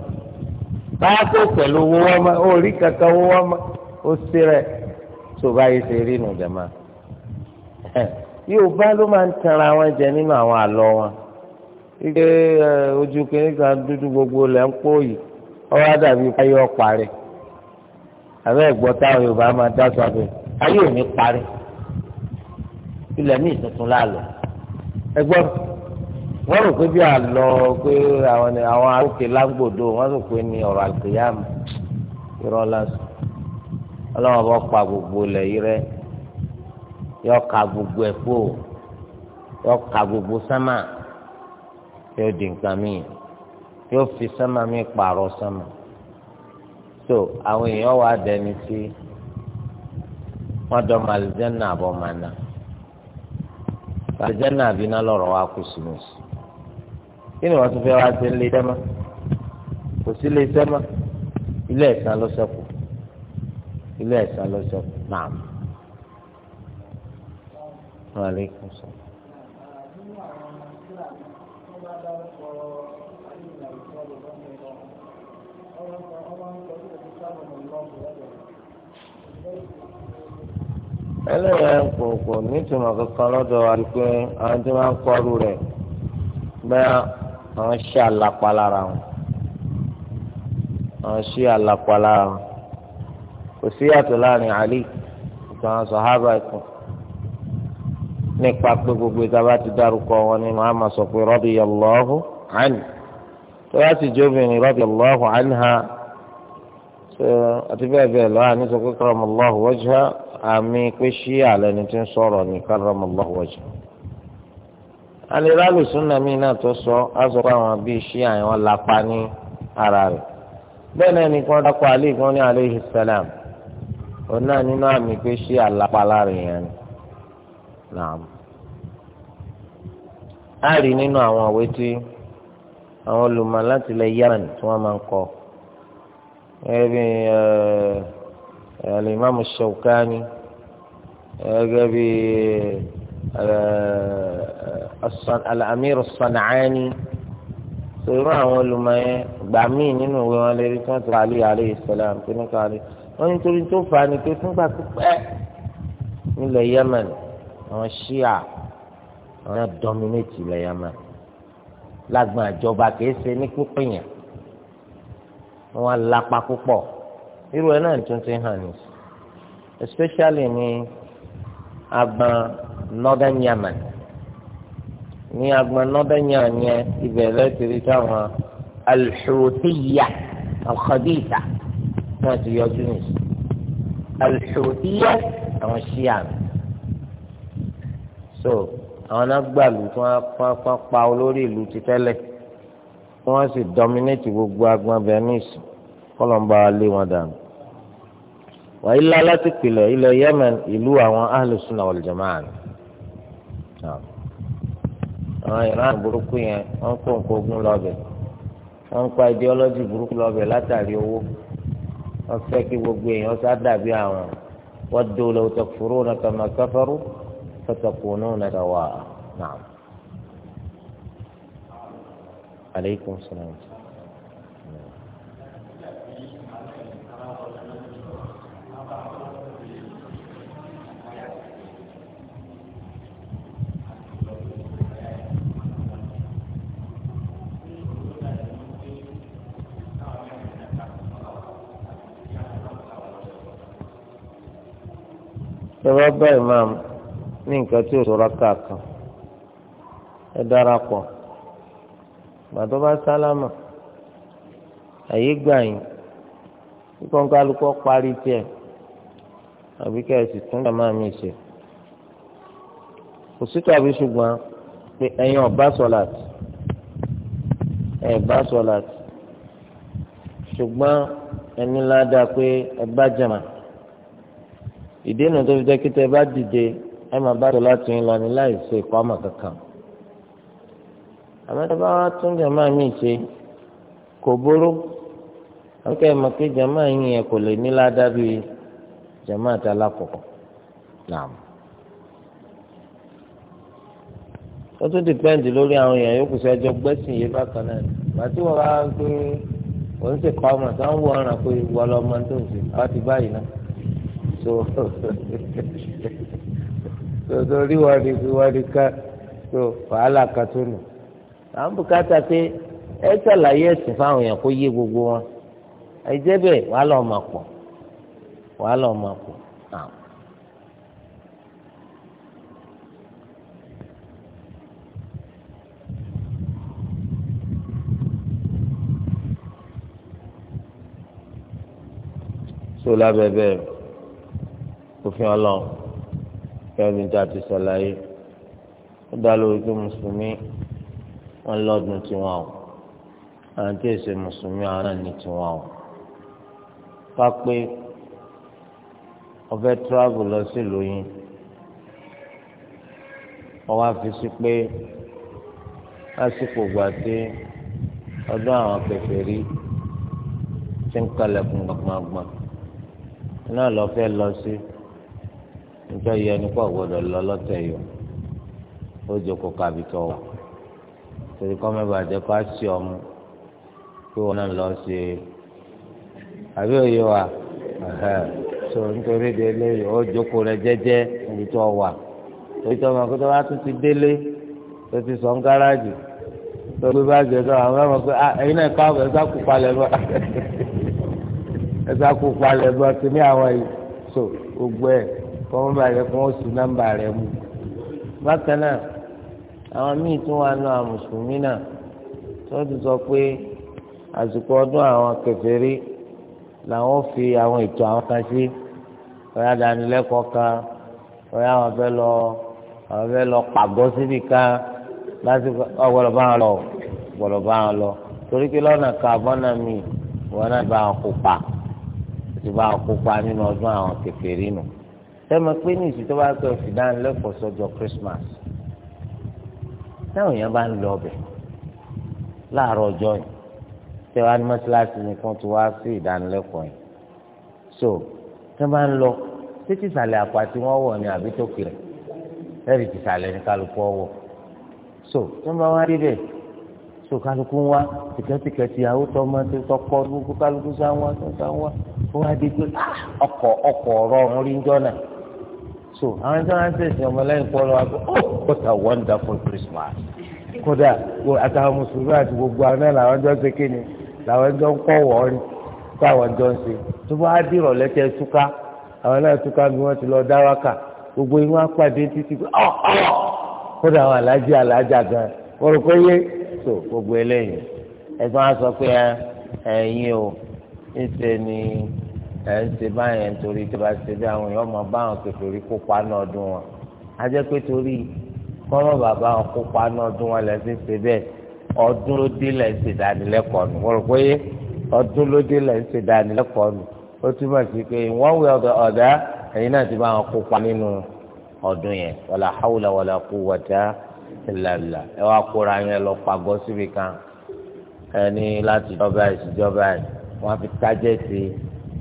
S1: báyà kó pẹ̀lú owó wọn mọ́ orí kankan owó wọn mọ́ ó sí rẹ̀ tó báyìí ṣe rí nù jẹ̀mọ́ Yorùbá ló máa ń tanra wọn jẹ nínú àwọn àlọ́ wọn ike ojú kìnìún kan dúdú gbogbo lẹ̀ ń pò yìí ọwọ́ àdàbí ayé ọ̀pá rẹ̀ àbẹ́ ẹ̀gbọ́ táwọn Yorùbá máa dá sọ abẹ́ ayé ò parí ilẹ̀ ní ìtuntun láàlọ́ ẹgbọ́n. wọ́n rò pé bí àlọ́ pé àwọn arókè lágbòdo wọ́n rò pé ní ọ̀rọ̀ àlùkìyàm ọlọ́wọ́n bọ́ gbogbo lẹ̀ yí yọ ka gbogbo yọ ka gbogbo di nǹkan fi Sama mi pààrọ̀ so àwọn èèyàn wà dẹni tí wọ́n dọ̀ màlìjẹ́ àbọ̀ àbínà lọ́rọ̀ wa sí kí ni wọ́n tún fẹ́ wá sí ilé sẹ́mà kò sí ilé sẹ́mà ilé ẹ̀sán ló sẹ́kù ilé ẹ̀sán ló sẹ́kù náà. Aleykum salaam.
S2: ẹlẹ́yìn kò
S1: kò nítumọ̀ kankan lọ́dọ̀ wa pé àwọn tí wọ́n ń kọ́rù rẹ̀ bẹ́ẹ̀. àwọn ṣí àlàpà lára wọn àwọn ṣí àlàpà wọn kò sí yàtọ̀ láàrin àlì àti àwọn sọ̀hábà ẹ̀kọ́ nípa pé gbogbo ìtaba ti dárúkọ wọn ni màá ma sọ pé radiyallahu anhu tó bá sì jóbìnrin radiyallahu anha àti bẹ́ẹ̀ bẹ́ẹ̀ lọ́wọ́ àní sọ pé àmì pé ṣí àlẹ́ ni ti ń sọ̀rọ̀ ní karamallahu wajha. alẹ́rọ alùsùnà mi náà tó sọ azọkọ àwọn bíi ṣíà àwọn lápá ní ara rị bẹ́ẹ̀ náà nìkan dákọ̀ alẹ́ ìgbọ́n ní aleyhi salam òun náà nínú àmì pé ṣíà lápá yẹn ni naam a rí nínú àwọn òwe tí àwọn lati láti ilẹ̀ Yemen tí wọ́n máa ń kọ gẹ́gẹ́ bí eh, alimami Shawkani gẹ́gẹ́ bí eh, alamiru sanaani sọ̀rọ̀ àwọn olùmọ̀ẹ́ gbà míì nínú ìwé wọn lérí tí wọ́n ti kàlí àlẹ́ ìsọ̀lám tó ní kàlí wọ́n ní torí tó fà á ni pé fúngbà pípẹ́ nílẹ̀ Yemen àwọn Shia àwọn náà dọ́mínétì ilẹ̀ Yemen lágbọn àjọba kìí ṣe ní pípìyàn wọ́n lápá púpọ̀ irú ẹ̀ náà tún ti hàn ní especially ní agbọn northern Yemen ní agbanọ́dẹ́yà yẹn ìbẹ̀rẹ̀ tìrí táwọn alḥutiya alxabisa náà ti yọjú nìyí alḥutiya àwọn ṣíàn so àwọn náà gbàlù tí wọ́n pa olórí ìlú ti tẹ́lẹ̀ tí wọ́n sì dọ́mínétì gbogbo agbọn venice kọ́lọ́mbà lé wọn dànù wàyí lálẹ́ ti pìlẹ̀ ilẹ̀ yemen ìlú àwọn ahlùsùn náà wal jama'ah ni àwọn ìran burúkú yẹn wọ́n kó nǹkan ogun lọ́bẹ̀ wọ́n kó ideology burúkú lọ́bẹ̀ látàrí owó wọ́n fẹ́ kí gbogbo èèyàn sá dàbí àwọn wọ́n dòlò òtọ̀kùrú nàkàmà káfárú fọ́tọ̀kùnú nàkàwà náà. aleykum salaam. tẹ́wọ́ bá ìmáàmù ní nǹkan tí ò sọ̀rọ̀ káàkan ẹ darapọ̀ gbàtọ́ bá sálámà àyè gbà yín kíkọ́ ń kálukọ́ parí tiẹ̀ àbí ká ẹ sì tún jàmá mi ṣe kò sí tàbí ṣùgbọ́n pé ẹ̀yin ọ̀bá sọ̀làtì ẹ̀ bá ṣùgbọ́n ẹni ládàá pé ẹ bá jàmá. ìdènà tó fi jẹ́ kí tẹ́ bá dìde ẹ máa bá tọ́lá tún yín lọ ní láì ṣe ìpamọ́ kankan àmọ́ tẹ́ bá tún jàmáà mí ṣe kò bóró wọ́n kẹ́ mọ̀ pé yín yẹn kò lè ní ládàá bíi jàmáà tá lákọ̀ọ́kọ́ ó tún dìpẹ́ǹdì lórí àwọn èèyàn sí tó tó ríwádìí ríwádìí ká tó wàhálà kan à ń bùkátà pé ẹ ẹ̀sìn fáwọn èèyàn kó yé gbogbo wọn àìjẹ́ bẹ́ẹ̀ wàhálà ọmọ pọ̀ wàhálà ọmọ pọ̀ so lábẹ́ òfin ọlọ́run kẹ́rin tí a ti ṣàlàyé ó dá lórí pé mùsùlùmí wọn lọ́dún tiwọn o àwọn tí èsè mùsùlùmí àwọn náà ní tiwọn o ká pé ọfẹ́ travel lọ sílùú yín wọ́n wá fi sí pé lásìkò gbà tí ọdún àwọn kèfèrí ti ń kalẹ̀kùn gbàgbàgbà náà lọ́ọ́ fẹ́ lọ sí. Si nítorí yẹ nípa ọ̀gbọ́dọ̀ lọ lọ́tẹ̀ yìí o jókòó kábi tó wà torí kọ́ mẹ́ba jẹ́ kó a ṣì ọmú pé wọn náà lọ ṣe àbí òye wa so nítorí délé ó jókòó rẹ jẹ́jẹ́ níbi tó wà torí tó ma kó tó bá tún ti délé tó ti sọ ń gáràjì tó gbé báàgì ẹ̀ sọ àwọn ọmọ pé ah, ẹ̀yin náà ká ẹ̀ kú palẹ̀ bọ́ ẹ̀ kú palẹ̀ bọ́ ti ní àwọn yìí so gbogbo ẹ̀ kọ́mọ́ bá yẹ kó wọ́n sùn nọ́mbà rẹ̀ mu. bákan náà àwọn míì tún wà nù àwọn mùsùlùmí náà tó ti sọ pé àsìkò ọdún àwọn kèfèrí làwọn fi àwọn ètò àwọn kan sí ọ̀yà dánilẹ́kọ̀ọ́ kan ọ̀yà àwọn fẹ́ lọ àwọn fẹ́ lọ pàgọ́ síbi kan lásìkò ọ̀gbọ̀dọ̀ bá wọn lọ ọ̀gbọ̀dọ̀ bá wọn lọ torí pé lọ́nà kàbọ́n náà mi wọn náà bá wọn kópa ti bá wọn kópa nínú ọdún àwọn kèfèrí nù ẹ mọ̀ pé ní ìsìn tó bá pẹ́ òsì dánilẹ́kọ̀ọ́ sọ́jọ́ Christmas táwọn èèyàn bá ń lọ ọbẹ̀ láàárọ̀ ọjọ́ yìí tẹ́ wá ní mọ́ṣáláṣí nìkan tó wá sí ìdánilẹ́kọ̀ọ́ yìí so tẹ́ bá ń lọ títí ìsàlẹ̀ àpàtì wọn wọ̀ ni àbí tó kiri ẹ̀rì ti ìsàlẹ̀ ní kálukú ọwọ́ so tẹ́ bá wá rí bẹ́ẹ̀ so kálukú wá tìkẹ́tìkẹ́ ti àwọn tọ́mọ tó tọkọ gbogbo kálukú sáwọn tó sáwọn wọ́n á di pé ah, ọkọ̀ ọkọ̀ ọ̀rọ̀ ọ̀run rí ń jọ́ náà so àwọn tí wọ́n ń sèṣin ọmọlẹ́yìn pọ́lọ́ wa oh, kó what a wonderful Christmas kódà àtàwọn mùsùlùmí àti gbogbo àwọn náà làwọn jọ ń ṣe kéde làwọn jọ ń kọ́ wọ́ọ́rì kó àwọn jọ ń ṣe tó bá dìrọ̀ lẹ́tẹ̀ túká àwọn náà túká bí wọ́n ti lọ dá wákà gbogbo yín wá pàdé títí pé ọ̀ oh, ọ̀ oh. kódà àwọn alájà alájà gan wọ́n rò pé yé so gbogbo eléyìí ẹ̀gbọ́n á sọ pé ẹ̀yin o ń ṣe ni ẹ̀ ń ṣe báyẹn nítorí tí wọ́n ṣe bí àwọn èèyàn máa bá àwọn kékeré kópa náà dún wọn á jẹ́ pé torí kọ́mọ́ bàbá àwọn kópa náà dún wọn lẹ́ fi ṣe bẹ́ẹ̀ ọdún ló dé lẹ́ ń ṣe dánilẹ́kọ̀ọ́ nù wọ́n rò pé ọdún ló dé lẹ́ ń ṣe dánilẹ́kọ̀ọ́ nù ó túmọ̀ sí pé wọ́n wẹ ọ̀dà ẹ̀yin náà ti bá àwọn kópa nínú ọdún yẹn wàlà hàwùlà wàlà kú wàtá ìlàlà ẹ wá kóra yẹn lọ pàgọ́ síbi kan ẹni láti jọba ẹ̀ wọ́n á fi tájẹ́ sí i.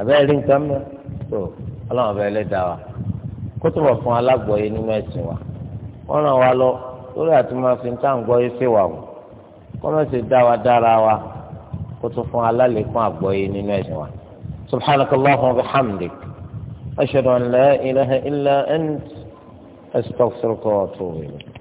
S1: àbẹ́rẹ́ rí nǹkan mọ́ tó ọlọ́run ọba ẹlẹ́dàá wa kó tó bọ̀ fún alágbọ̀ọ́yé nínú ẹ̀sìn wa wọ́n ràn wá lọ lórí àti máa fi nǹkan gbọ́yé sí wa o kó má ṣe dá wa dára wa kó tó fún alálẹ́kùn àgbọ́yé nínú ẹ̀sìn wa subhanakallahumma wa
S2: bihamdik ashhadu an la ilaha illa ant astaghfiruka wa atubu ilayk.